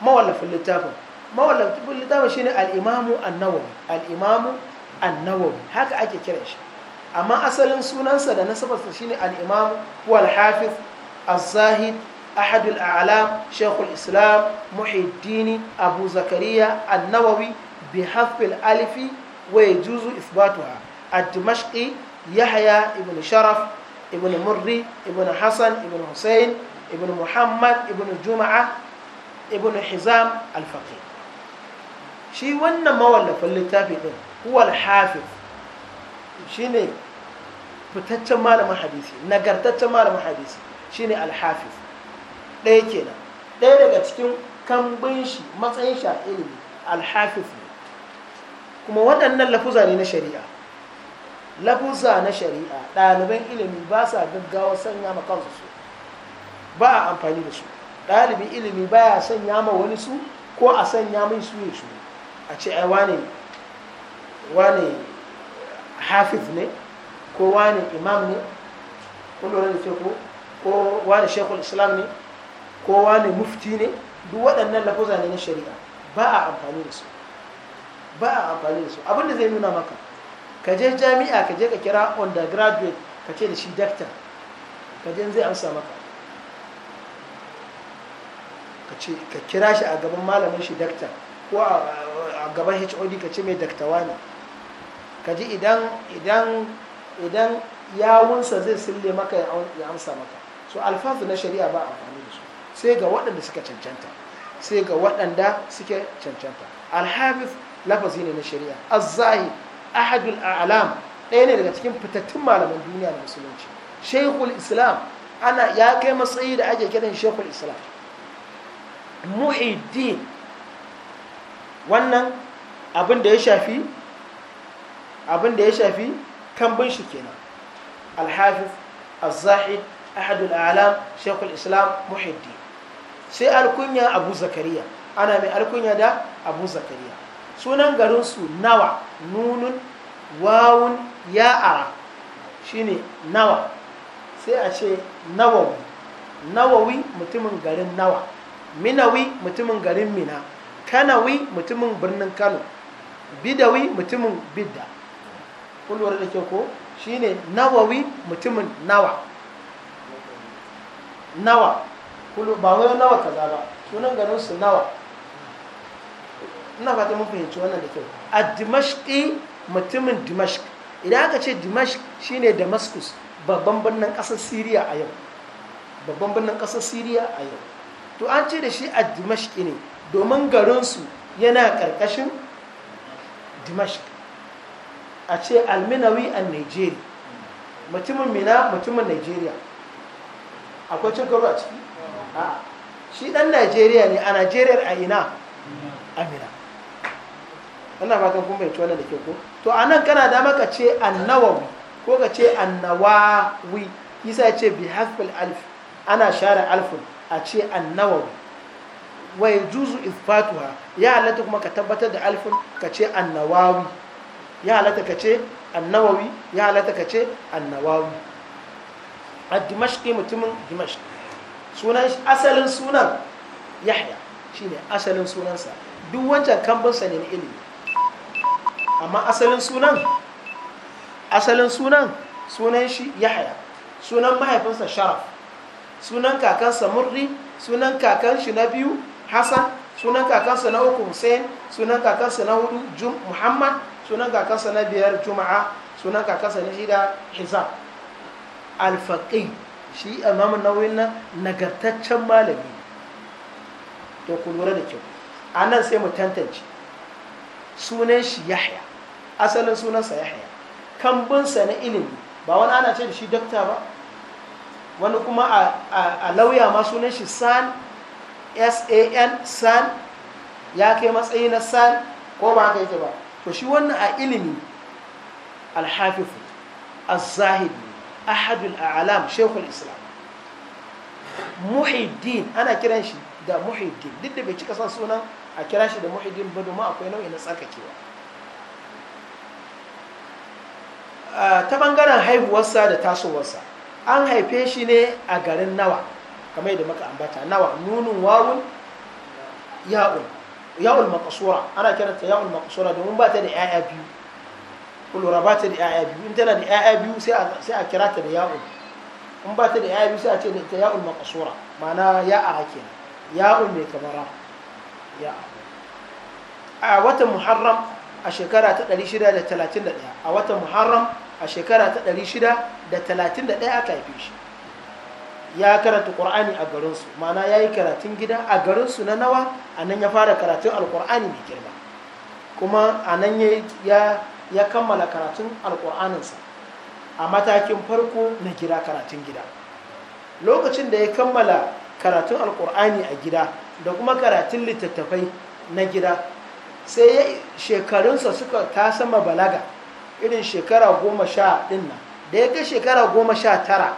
mawallafin littafin mawallafin littafin shine al'imamu imamu al'imamu nawawi al-imamu haka ake kiran shi amma asalin sunansa da nasabarsa shine al'imamu imamu wal hafiz az-zahid أحد الأعلام شيخ الإسلام محي الدين أبو bi hafil alifi wa yajuzu isbatuha ad-dimashqi yahya ibn sharaf ibn murri ibn Hassan ibn husayn ibn muhammad ibn juma'a ibn hizam al shi wannan mawallafin littafi din huwa al-hafiz shine fitaccen malamin hadisi nagartaccen malamin hadisi shine al-hafiz ɗaya kenan ɗaya daga cikin kambin shi matsayin shi ilimi al kuma waɗannan lafuza ne na shari'a lafuza na shari'a ɗaliban ilimi ba sa gaggawa sanya ma kansu su ba a amfani da su ɗalibin ilimi ba ya sanya ma wani su ko a sanya mai su ya su a ce ai wane wane hafiz ne ko wane imam ne ko lura da ko ko wane shekul islam ne ko wane mufti ne duk waɗannan lafuza ne na shari'a ba a amfani da su ba a amfani da su abinda zai nuna maka ka je jami'a ka je ka kira undergraduate ka ce da shi doctor ka je zai amsa maka ka ce ka kira shi a gaban malamin shi doctor ko a gaban hod ka ce mai doctor wani. ka ji idan idan idan yawunsa zai sille maka ya amsa maka so alfazu na shari'a ba amfani da su sai ga waɗanda suka cancanta sai ga waɗanda suke cancanta alhamis. lafazi ne na shari'a az-zahid ahadul a'lam ɗaya ne daga cikin fitattun malaman duniya da musulunci shaykhul islam ana ya kai matsayi da ake kiran shaykhul islam muhiddin wannan abin da ya shafi abin da ya shafi kambin shi kenan al-hafiz ahadul a'lam shaykhul islam muhiddin sai alkunya abu zakariya ana mai alkunya da abu zakariya sunan garinsu nawa nunun wawun ya'ara shine nawa sai a ce nawawi nawawi mutumin garin nawa minawi mutumin garin mina kanawi mutumin birnin kano bidawi mutumin bidda kulwar da ke ko shine nawawi mutumin nawa nawa ba wai nawa kaza ba sunan garinsu nawa ina fata mun fahimci wannan da kyau a dimashki mutumin dimashk idan aka ce dimashk shine damascus babban birnin ƙasar siriya a yau babban birnin ƙasar siriya a yau to an ce da shi a dimashki ne domin garinsu yana ƙarƙashin dimashk a ce alminawi a nigeria mutumin mina mutumin nigeria akwai cin karo a ciki shi dan nigeria ne a nigeria a ina amina ana fatan kun bai wannan da ke ko to nan kana da maka ce annawawi ko ka ce annawawi isa ya ce bi hasbil alif ana share alfin a ce annawawi wa yajuzu fatuwa ya halatta kuma ka tabbatar da alfin ka ce annawawi ya halatta ka ce annawawi ya halatta ka ce annawawi a dimashki mutumin dimashki sunan asalin sunan yahya shine asalin sunansa duk wancan kambinsa ne na ilimi amma asalin sunan asalin sunan sunan shi yahaya sunan mahaifinsa sharaf sunan kakansa murri sunan kakanshi na biyu hassan sunan kakansa na uku hussein sunan kakansa na hudu muhammad sunan kakansa na biyar juma'a sunan kakansa na shida hizab alfaƙi shi imamun nauyin nan nagartaccen malami to ku da kyau a nan sai mu tantance sunan shi yahya asalin sunansa yahya kambinsa na ilimi ba wani ana ce da shi dokta ba wani kuma a lauya ma sunan shi san san san ya kai matsayi na san ko ba haka yake ba to shi wannan a ilimi alhafifu az ahadul a'lam shekul islam muhiddin ana kiran shi da muhiddin duk da bai cika son sunan a kira shi da muhiddin ba domin akwai nau'i na tsarkakewa Ah, ta bangaren haihuwarsa da tasowarsa an haife shi ne a garin nawa kamar yadda maka ambata nawa nunun wawun ya'un ya'ul makasura ana kiranta ya'ul makasura domin ba ta da 'ya'ya biyu kulura ba ta da 'ya'ya biyu in tana da 'ya'ya biyu sai a kira ta da ya'un in ba ta da 'ya'ya biyu sai a ce da ita ya'ul makasura ma'ana ya'a kenan ya'un mai kamara ya'a a watan muharram a shekara ta 631 a watan muharram a shekara ta 631 aka haife shi ya karanta ƙur'ani a garinsu mana ya yi karatun gida a garinsu na nawa a nan ya fara karatun alƙur'ani mai girma kuma a nan ya kammala karatun alƙur'aninsa a matakin farko na gida karatun gida lokacin da ya kammala karatun alƙur'ani a gida da kuma karatun littattafai na gida sai shekarunsa suka ta sama balaga irin shekara goma sha ɗin nan da ya ga shekara goma sha tara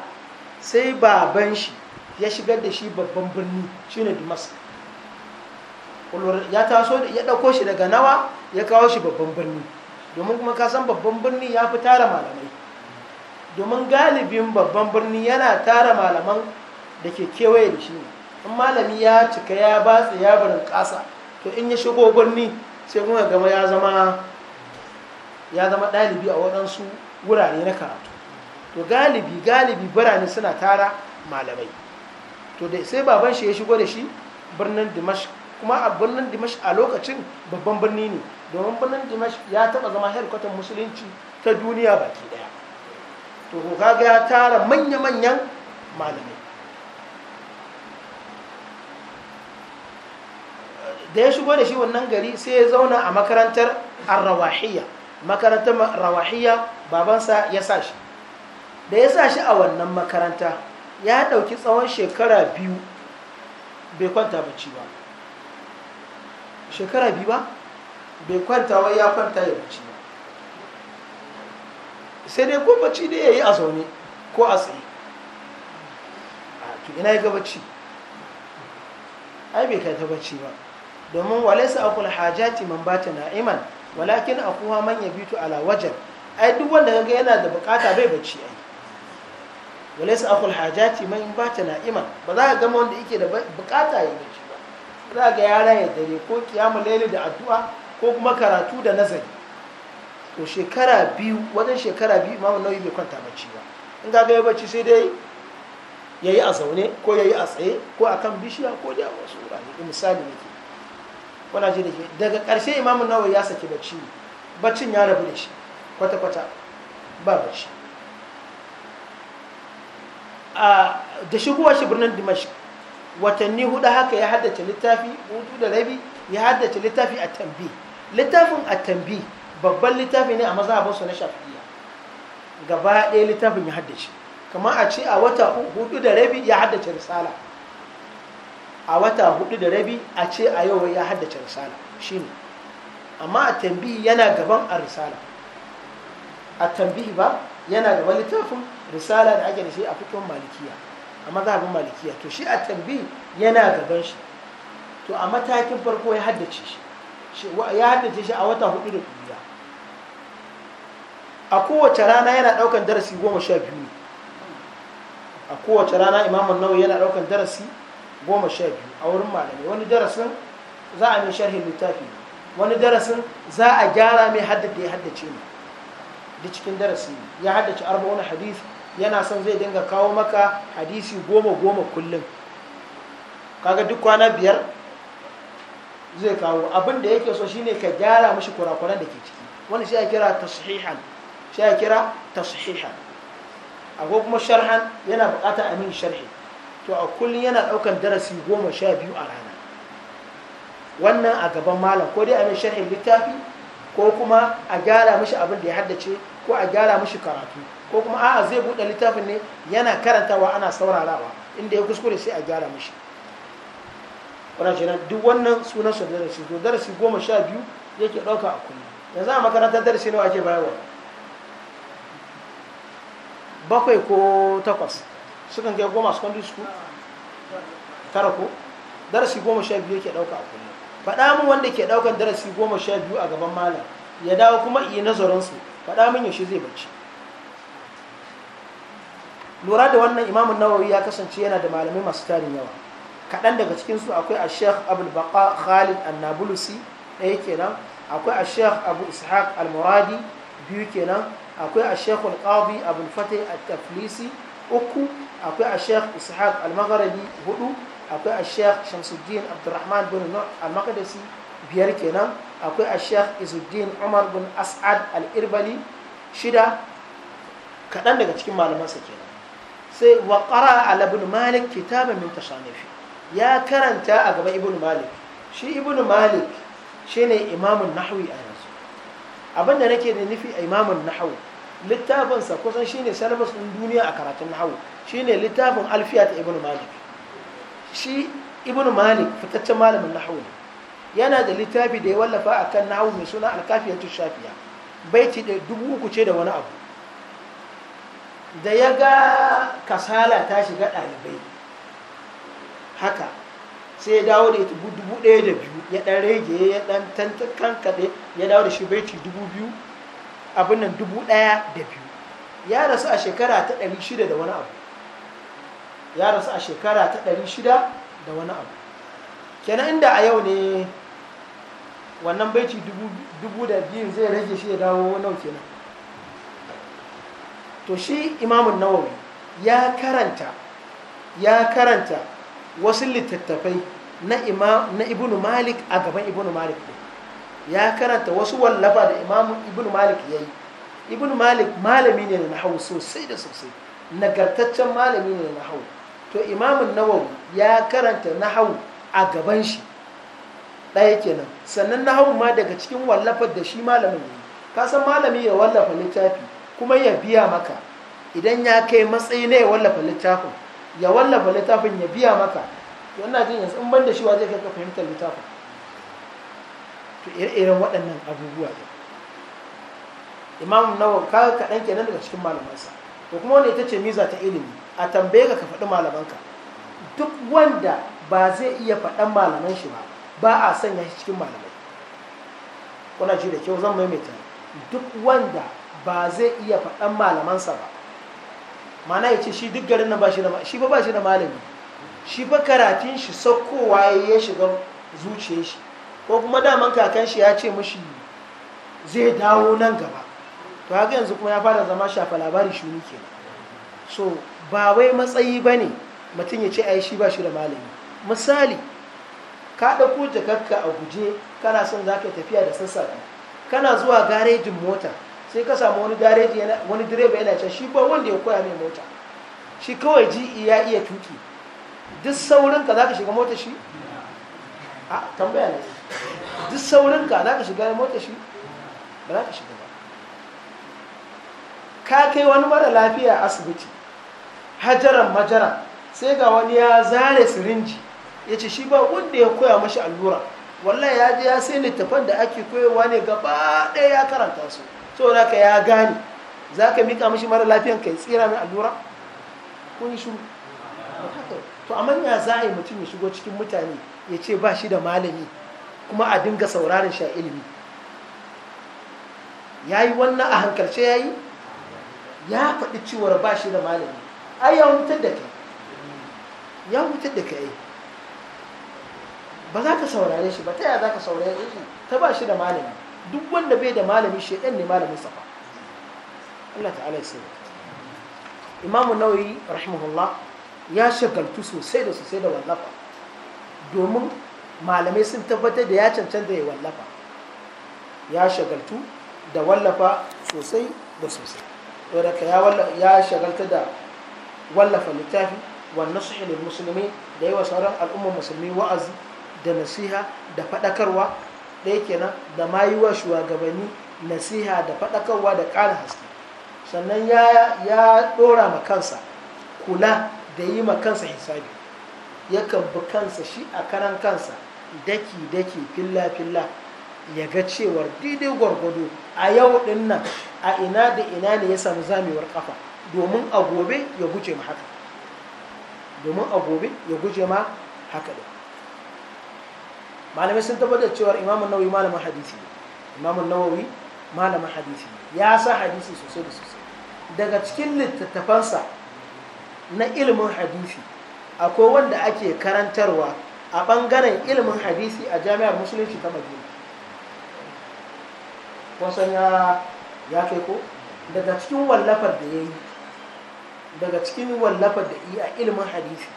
sai baban shi ya shigar da shi babban birni shine Damascus ya taso ya ɗauko shi daga nawa ya kawo shi babban birni domin kuma ka san babban birni ya fi tara malamai domin galibin babban birni yana tara malaman da ke kewaye da shi in malami ya cika ya batsi ya barin ƙasa to in ya shigo birni sai kuma gama ya zama ya zama ɗalibi a waɗansu wurare na karatu to galibi galibi birane suna tara malamai to da sai baban shi ya shigo da shi birnin dimash kuma a birnin dimash a lokacin babban birni ne domin birnin dimash ya taɓa zama herkwatan musulunci ta duniya baki ɗaya to ko kaga ya tara manya-manyan malamai da ya shigo da shi wannan gari sai ya zauna a makarantar arrawahiyya makarantar rawahiya babansa ya sa shi da ya sa shi a wannan makaranta ya ɗauki tsawon shekara biyu bai kwanta bacci ba shekara biyu ba bai kwanta wai ya kwanta ya bacci ba sai dai ko bacci da ya yi a zaune ko a tsaye to ina ya ga bacci ai bai kai ta bacci ba domin walaisa akul hajati man bata na'iman walakin akuha manya bitu ala wajen ai duk wanda ga yana da bukata bai bacci ai su akul hajati man bata na'ima ba za ka gama wanda yake da bukata ya bacci ba za ga yara ya dare ko kiyamu lele da addu'a ko kuma karatu da nazari to shekara biyu wajen shekara biyu imamu nauyi bai kwanta bacci ba in ga ya bacci sai dai ya yi a zaune ko ya yi a tsaye ko a kan bishiya ko da wasu wurare misali ne kuna ji da ke daga ƙarshe imamun nawa ya saki bacci baccin ya rabu da shi kwata-kwata ba bacci da kuwa shi birnin Dimash watanni hudu haka ya haddace littafi hudu da rabi ya haddace littafi a tambi littafin a tambi babban littafi ne a mazhabinsu na shafi'iyya gaba ɗaya littafin ya haddace kamar a ce a wata hudu da rabi ya haddace risala a wata hudu da rabi a ce a yau ya haddace risala ne amma a tambihi yana gaban a risala a tambihi ba yana gaban littafin risala da ake da shi a fikin malikiya a mazhabin malikiya to shi a tambihi yana gaban shi to a matakin farko ya haddace shi ya haddace shi a wata hudu da kuriya a kowace rana yana daukan darasi goma sha biyu ne a kowace rana imamun nawa yana daukan darasi goma sha biyu a wurin malamai wani darasin za a mai sharhin littafi wani darasin za a gyara mai haddace ya haddace ne da cikin darasi ya haddace arba'un hadis yana son zai dinga kawo maka hadisi goma goma kullum kaga duk kwana biyar zai kawo abin da yake so shine ka gyara mishi kurakuran da ke ciki wani shi ya kira tashihan shi ya kira tashihan akwai kuma sharhan yana bukata a min sharhi to a kullum yana ɗaukan darasi goma sha biyu a rana wannan a gaban malam ko dai a sharhin littafi ko kuma a gyara mashi abin da ya haddace ko a gyara mashi karatu ko kuma a'a zai buɗe littafin ne yana karantawa ana saurarawa inda ya kuskure sai a gyara mishi wannan duk wannan sunan su darasi to darasi goma sha biyu yake ɗauka a kullum yanzu a makarantar darasi nawa ake bayarwa bakwai ko takwas sukan kai goma secondary school tara ko darasi goma sha biyu yake ɗauka a kullum faɗa min wanda ke ɗaukan darasi goma sha biyu a gaban malam ya dawo kuma iya nazarin faɗa min yaushe zai bacci lura da wannan imamun nawawi ya kasance yana da malamai masu tarin yawa kaɗan daga cikinsu akwai a sheikh abul khalid annabulusi ɗaya kenan akwai a sheikh abu ishaq al-muradi biyu kenan akwai a sheikh al-qadi abul taflisi uku akwai a sheikh ishaq al-magharibi hudu akwai a sheikh shamsuddin abdurrahman bin nuh al-maqdisi biyar kenan akwai a sheikh izuddin umar bin as'ad al-irbali shida kaɗan daga cikin malamansa kenan sai wa qara ala ibn malik kitaban min tasanifi ya karanta a gaba ibn malik shi ibn malik shine imamun nahwi a yanzu abinda nake da nufi a imamun nahwi littafinsa kusan shine salabas ɗin duniya a karatun nahawu shine littafin alfiya ta ibn malik shi ibn malik fitaccen malamin nahawu ne yana da littafi da ya wallafa a kan nahawu mai suna alkafiyatu shafiya baiti da dubu uku ce da wani abu da ya ga kasala ta shiga ɗalibai haka sai ya dawo da tubu dubu ɗaya da biyu ya ɗan rage ya ɗan tantakan kankaɗe ya dawo da shi baiti dubu biyu abin nan dubu ɗaya da biyu ya rasu a shekara ta ɗari shida da wani abu ya rasu a shekara ta ɗari shida da wani abu kenan inda a yau ne wannan baici dubu da biyu zai rage shi ya dawo nau kenan to shi imamun nawawi ya karanta ya karanta wasu littattafai na ibnu malik a gaban ibnu malik ɗin ya karanta wasu wallafa da imamu ibn malik ya yi ibn malik malami ne na hau sosai da sosai nagartaccen malami ne na hau to imamun nawawi ya karanta na hau a gaban shi ɗaya kenan sannan na hau ma daga cikin wallafar da shi malamin ne ka malami ya wallafa littafi kuma ya biya maka idan ya kai matsayi na ya wallafa littafin ya wallafa littafin ya biya maka to ina jin yanzu in ban da shi wa zai kai ka fahimtar littafin to ire-iren waɗannan abubuwa ne imam nawa kaga kaɗan kenan daga cikin malamansa to kuma wani ita ce miza ta ilimi a tambaye ka ka faɗi malamanka duk wanda ba zai iya faɗan malaman shi ba ba a sanya shi cikin malamai kuna ji da kyau zan maimaita duk wanda ba zai iya faɗan malamansa ba mana ya ce shi duk garin nan ba shi da malami shi ba karatun shi saukowa ya shiga zuciyar shi ko kuma daman kakan shi ya ce mashi zai dawo nan gaba to haka yanzu kuma ya fara zama shafa labari shi ke so ba wai matsayi ba ne mutum ya ce ai shi ba shi da malami misali ka ɗauko jakarka a guje kana son za ka tafiya da sassafe kana zuwa garejin mota sai ka samu wani gareji wani direba yana can shi ba wanda ya koya mai mota shi kawai ji e ya iya tuki duk saurinka za ka shiga mota shi a tambaya ne duk saurin ka za ka shiga ya mota shi ba za ka shiga ba ka kai wani mara lafiya asibiti hajaran majara. sai ga wani ya zare sirinji ya ce shi ba wanda ya koya mashi allura wallahi ya je ya sai littafan da ake koyarwa ne gaba ɗaya ya karanta su da ka ya gane za ka mika mashi mara lafiyan ka tsira mai allura kun shi to amma ya za a yi mutum ya shigo cikin mutane ya ce ba shi da malami kuma a dinga sauraron sha a ilimi ya yi wannan a hankalce ya yi ya faɗi cewar ba shi da malami ai ya hutar da kai ya hutar da kai ba za ka saurare shi ba ta yaya za ka saurare shi ta ba shi da malami duk wanda bai da malami shi ɗan ne malamin sa fa Allah ta'ala ya sai Imam Na'uyi rahimahullah ya shagaltu sosai da sosai da wallafa domin malamai sun tabbatar da ya cancanta ya wallafa ya shagaltu da wallafa sosai da sosai wadda ya shagalta da wallafa littafi wannan su ilil musulmi da yi wa sauran al'ummar musulmi wa'azi da nasiha da faɗakarwa ɗaya kenan da ma yi wa shugabanni nasiha da faɗakarwa da ƙara haske sannan ya ɗora ma kansa kula da yi ma kansa hisabi yakan bi kansa shi a karan kansa daki-daki filla-filla ya ga cewar daidai gwargwado a yau din nan a ina da ina ne ya samu zamewar kafa domin a gobe ya guje ma haka domin a gobe ya guje ma haka da malamai sun tabbatar cewar imamun nawawi malamin hadisi imamun nawawi malamin hadisi ya sa hadisi sosai da sosai daga cikin littattafansa na ilimin hadisi akwai wanda ake karantarwa a bangaren ilimin hadisi a jami'ar musulunci ta madina wasan ya kai ko daga cikin wallafar da ya yi daga cikin wallafar da yi a ilimin hadisi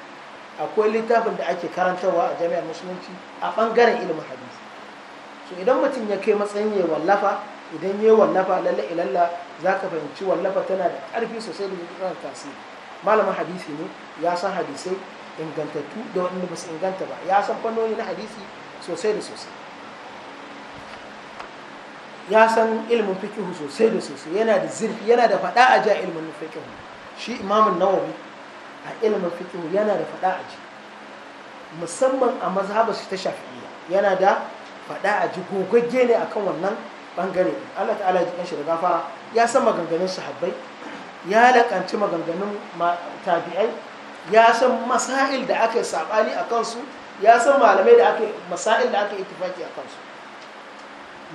akwai littafin da ake karantarwa a jami'ar musulunci a ɓangaren ilimin hadisi so idan mutum ya kai matsayin ya wallafa idan ya wallafa lalla ilalla za ka fahimci wallafa tana da ƙarfi sosai da tana tasiri malamin hadisi ne ya san hadisai ingantattu da waɗanda ba su inganta ba ya san fannoni na hadisi sosai da sosai ya san ilimin fikihu sosai da sosai yana da zirfi yana da fada a ja ilimin fikihu shi imamun nawawi a ilimin fikihu yana da fada a ji musamman a mazhabar shi ta shafi'iyya yana da faɗa a ji gogagge ne akan wannan bangare Allah ta'ala ya jikin shi da gafara ya san maganganun sahabbai ya lakanci maganganun tabi'ai ya san masail da aka sabani a kansu ya san malamai da aka masail da aka itifaki a kansu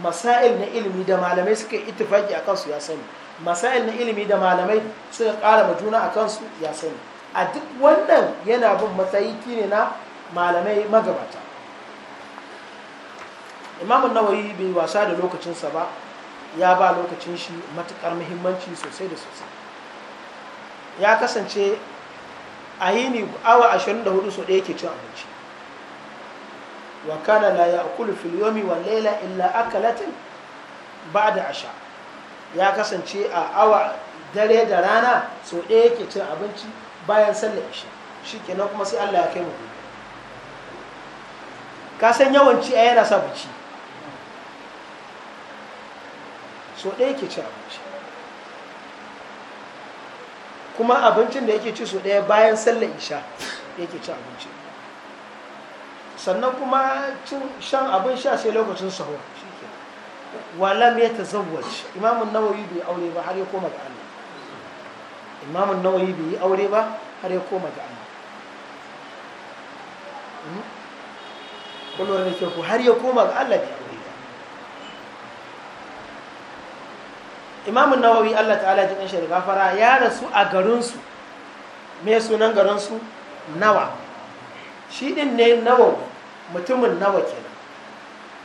masail na ilimi da malamai suka itifaki a kansu ya sani masail na ilimi da malamai suka kara ma juna a kansu ya sani a duk wannan yana bin matsayi ne na malamai magabata imamun nawayi bai wasa da lokacinsa ba ya ba lokacin shi matukar muhimmanci sosai da sosai ya kasance a ne awa 24 so ɗaya ke cin abinci wa kana la ya'kulu fil yawmi wa laila illa akalatin ba'da asha ya kasance a awa dare da rana so ɗaya yake cin abinci bayan sallar isha shikenan kuma sai Allah ya kai mu ka san yawanci a yana sa bici so ɗaya yake cin abinci kuma abincin da yake ci so ɗaya bayan sallar isha yake ci abinci sannan kuma cin shan abin sha sai lokacin saho walam ya ta tazawwaj imamun nawayi bai aure ba har ya koma ga Allah imamun nawayi bai aure ba har ya koma ga Allah hmm? kullum da ke ku har ya koma ga Allah bai imamun nawawi allah ta'ala ji ɗan shari'a fara ya rasu a garinsu mai sunan garinsu nawa shi ɗin ne nawa mutumin nawa kenan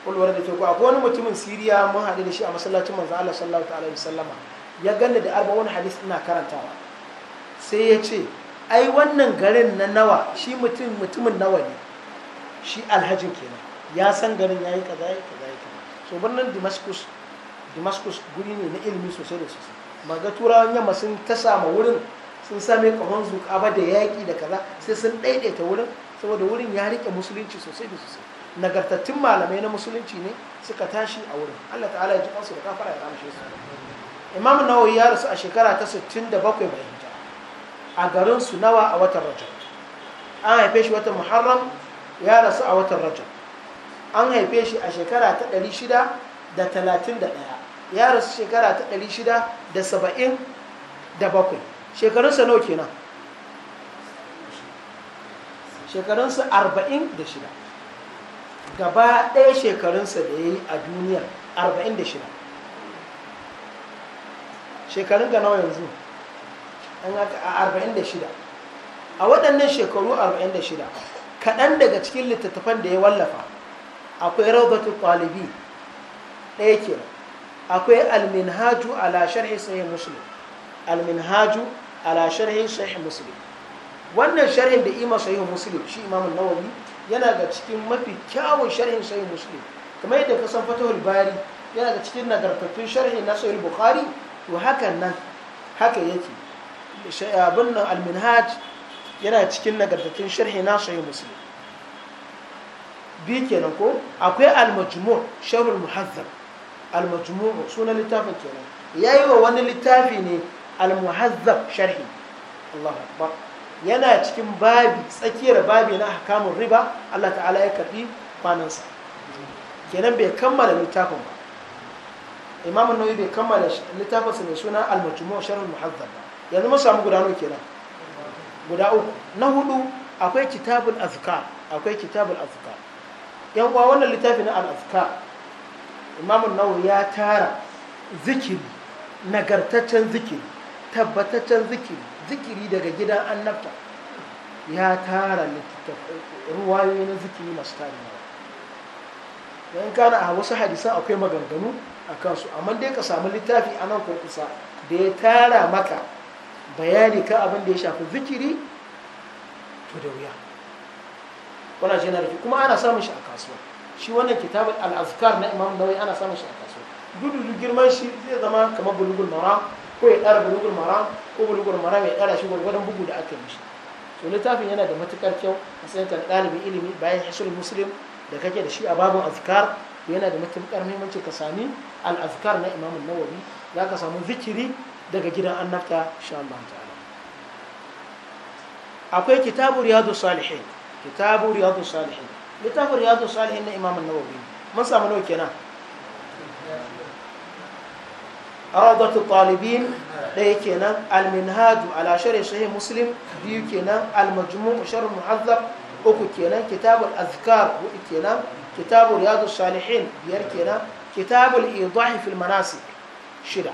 kulwar da ke ko akwai wani mutumin siriya mun haɗu da shi a masallacin manzan allah sallallahu ta'ala wa sallama ya ganni da arba wani hadis ina karantawa sai ya ce ai wannan garin na nawa shi mutumin nawa ne shi alhajin kenan ya san garin ya yi kaza ya yi kaza ya yi kaza so birnin damascus damascus guri ne na ilimi sosai da sosai ba ga turawan yamma sun ta sama wurin sun same kahon kaba da yaƙi da kaza sai sun ɗaiɗaita wurin saboda wurin ya riƙe musulunci sosai da sosai nagartattun malamai na musulunci ne suka tashi a wurin allah ta'ala ya ji kansu da kafara ya ramshe su imam nawawi ya rasu a shekara ta 67 bayan hijira a garin su nawa a watan rajab an haife shi watan muharram ya rasu a watan rajab an haife shi a shekara ta 631 ya rasu shekara ta 677 shekarunsa nawa kenan shekarunsa 46 gaba ɗaya shekarunsa da ya yi a duniya 46 shekarun ga nawa yanzu an haka a 46 a waɗannan shekaru 46 kaɗan daga cikin littattafan da ya wallafa akwai rauzatun ɗalibi ɗaya kenan akwai alminhaju ala sharhi sahih muslim alminhaju ala sharhi sahih muslim wannan sharhin da ima sahih muslim shi imam nawawi yana ga cikin mafi kyawun sharhin sahih muslim kamar yadda ka san fatahul bari yana ga cikin nagartattun sharhi na sahih bukhari to hakan nan haka yake abin nan alminhaj yana cikin nagartattun sharhi na sahih muslim bi kenan ko akwai almajmu' sharhul muhazzab al-majmu'u sunan littafin kenan ya yi wa wani littafi ne al sharhi Allahu akbar yana cikin babi tsakiyar babi na hakamun riba Allah ta'ala ya karbi kwanansa kenan bai kammala littafin ba imam an-nawawi bai kammala littafin sa mai suna al sharhi sharh muhazzab yanzu mun samu guda nawa kenan guda uku na hudu akwai kitabul azkar akwai kitabul azkar yan uwa wannan littafi na al-azkar imamun nawa ya tara zikiri nagartaccen zikiri tabbataccen zikiri zikiri daga gidan annabta ya tara ruwayoyi na zikiri masu tari. yan kana a wasu hadisan akwai maganganu a kansu amma dai ka samu littafi a nan ko kusa da ya tara maka bayani kan abin da ya shafi zikiri to da wuya wannan shi na da kuma ana samun shi a kasuwa shi wannan kitabul alazkar na imam nawawi ana samun shi a kaso dudu girman shi zai zama kamar bulugul maram ko ya ɗara bulugul maram ko bulugul maram ya ɗara shi gwargwadon bugu da aka mishi to littafin yana da matukar kyau a sayan ɗalibin ilimi bayan hasul muslim da kake da shi a babin azkar yana da matukar muhimmanci ka sami al'azkar na imam nawawi za ka samu zikiri daga gidan annabta insha Allah ta'ala akwai kitabu riyadu salihin kitabu riyadu salihin littafin riyadu salihin na imam nawawi mun samu nawa kenan rawdatu talibin ɗaya kenan al-minhaj ala sharh sahih muslim biyu kenan al-majmu' sharh muhazzab uku kenan kitabul azkar hudu kenan kitabul riyadu salihin biyar kenan kitabul idahi fil manasik shida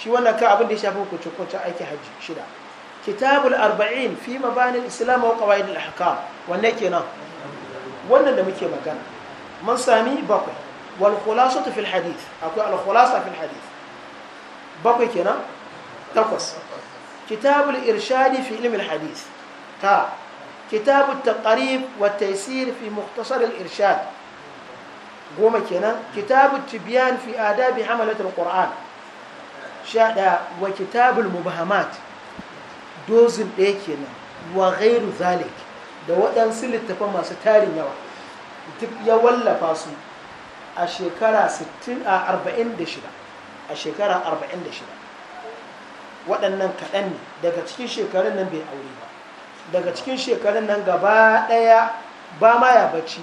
shi wannan ka abin da ya shafi hukuncin hukuncin aiki hajji shida kitabul arba'in fi mabanin islam wa qawaid al-ahkam wanne kenan wannan da muke magana mun sami bakwai wal khulasatu fil hadith akwai al khulasa fil hadith bakwai kenan takwas kitabul irshadi fi ilmi al hadith ta taqrib wa taysir fi mukhtasar كتاب التقريب والتيسير في مختصر الإرشاد قوم كنا كتاب التبيان في آداب حملة القرآن شادا وكتاب المبهمات دوزن wa ghairu zalik da waɗansu littafan masu tarin yawa duk ya wallafa su a shekara 46 a shekara 46 waɗannan kaɗan ne daga cikin shekarun nan bai aure ba daga cikin shekarun nan gaba ɗaya ba ma ya bacci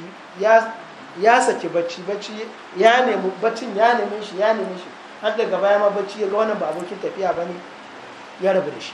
ya saki bacci bacci ya nemi baccin ya nemi shi ya nemi shi har daga baya ma bacci ya ga wannan ba abokin tafiya ba ne ya rabu da shi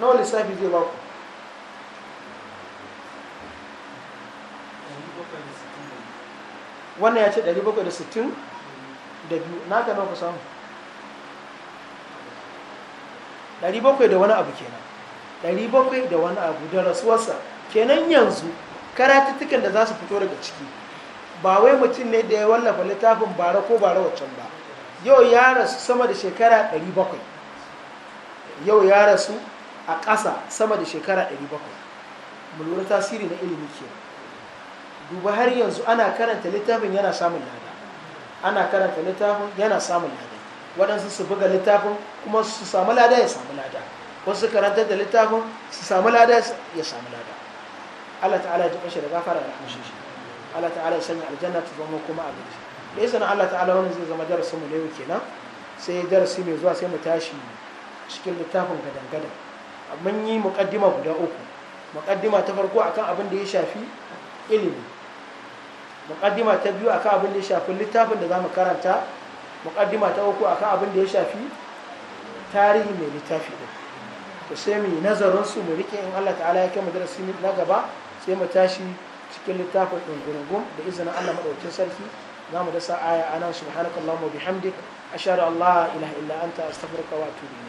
nawa lissafi zai ba ku wannan ya ce 762 na ga nawa ku samu 700 da wani abu kenan 700 da wani abu da rasuwarsa kenan yanzu karatuttukan da za su fito daga ciki ba wai mutum ne da ya wallafa littafin bara ko bara waccan ba yau ya rasu sama da shekara 700 yau ya rasu a ƙasa sama da shekara 700 mulwar lura tasiri na ilimi ke duba har yanzu ana karanta littafin yana samun lada ana karanta littafin yana samun lada waɗansu su buga littafin kuma su samu lada ya samu lada wasu karanta da littafin su samu lada ya samu lada Allah ta'ala ya tafashe da gafara da amshe shi Allah ta'ala ya sanya aljanna ta zama kuma a gari da yasa Allah ta'ala wani zai zama darasin mu ne kenan sai darasi mai zuwa sai mu tashi cikin littafin gadan-gadan mun yi muƙaddima guda uku muƙaddima ta farko akan abin da ya shafi ilimi muƙaddima ta biyu akan abin da ya shafi littafin da za mu karanta muƙaddima ta uku akan abin da ya shafi tarihi mai littafi ɗin to sai mu yi nazarin su mu rike in Allah ta'ala ya kai mu darasi na gaba sai mu tashi cikin littafin ɗungurungun da izinin Allah maɗaukin sarki za mu dasa aya anan subhanakallahumma bihamdik ashhadu an la ilaha illa anta astaghfiruka wa atubu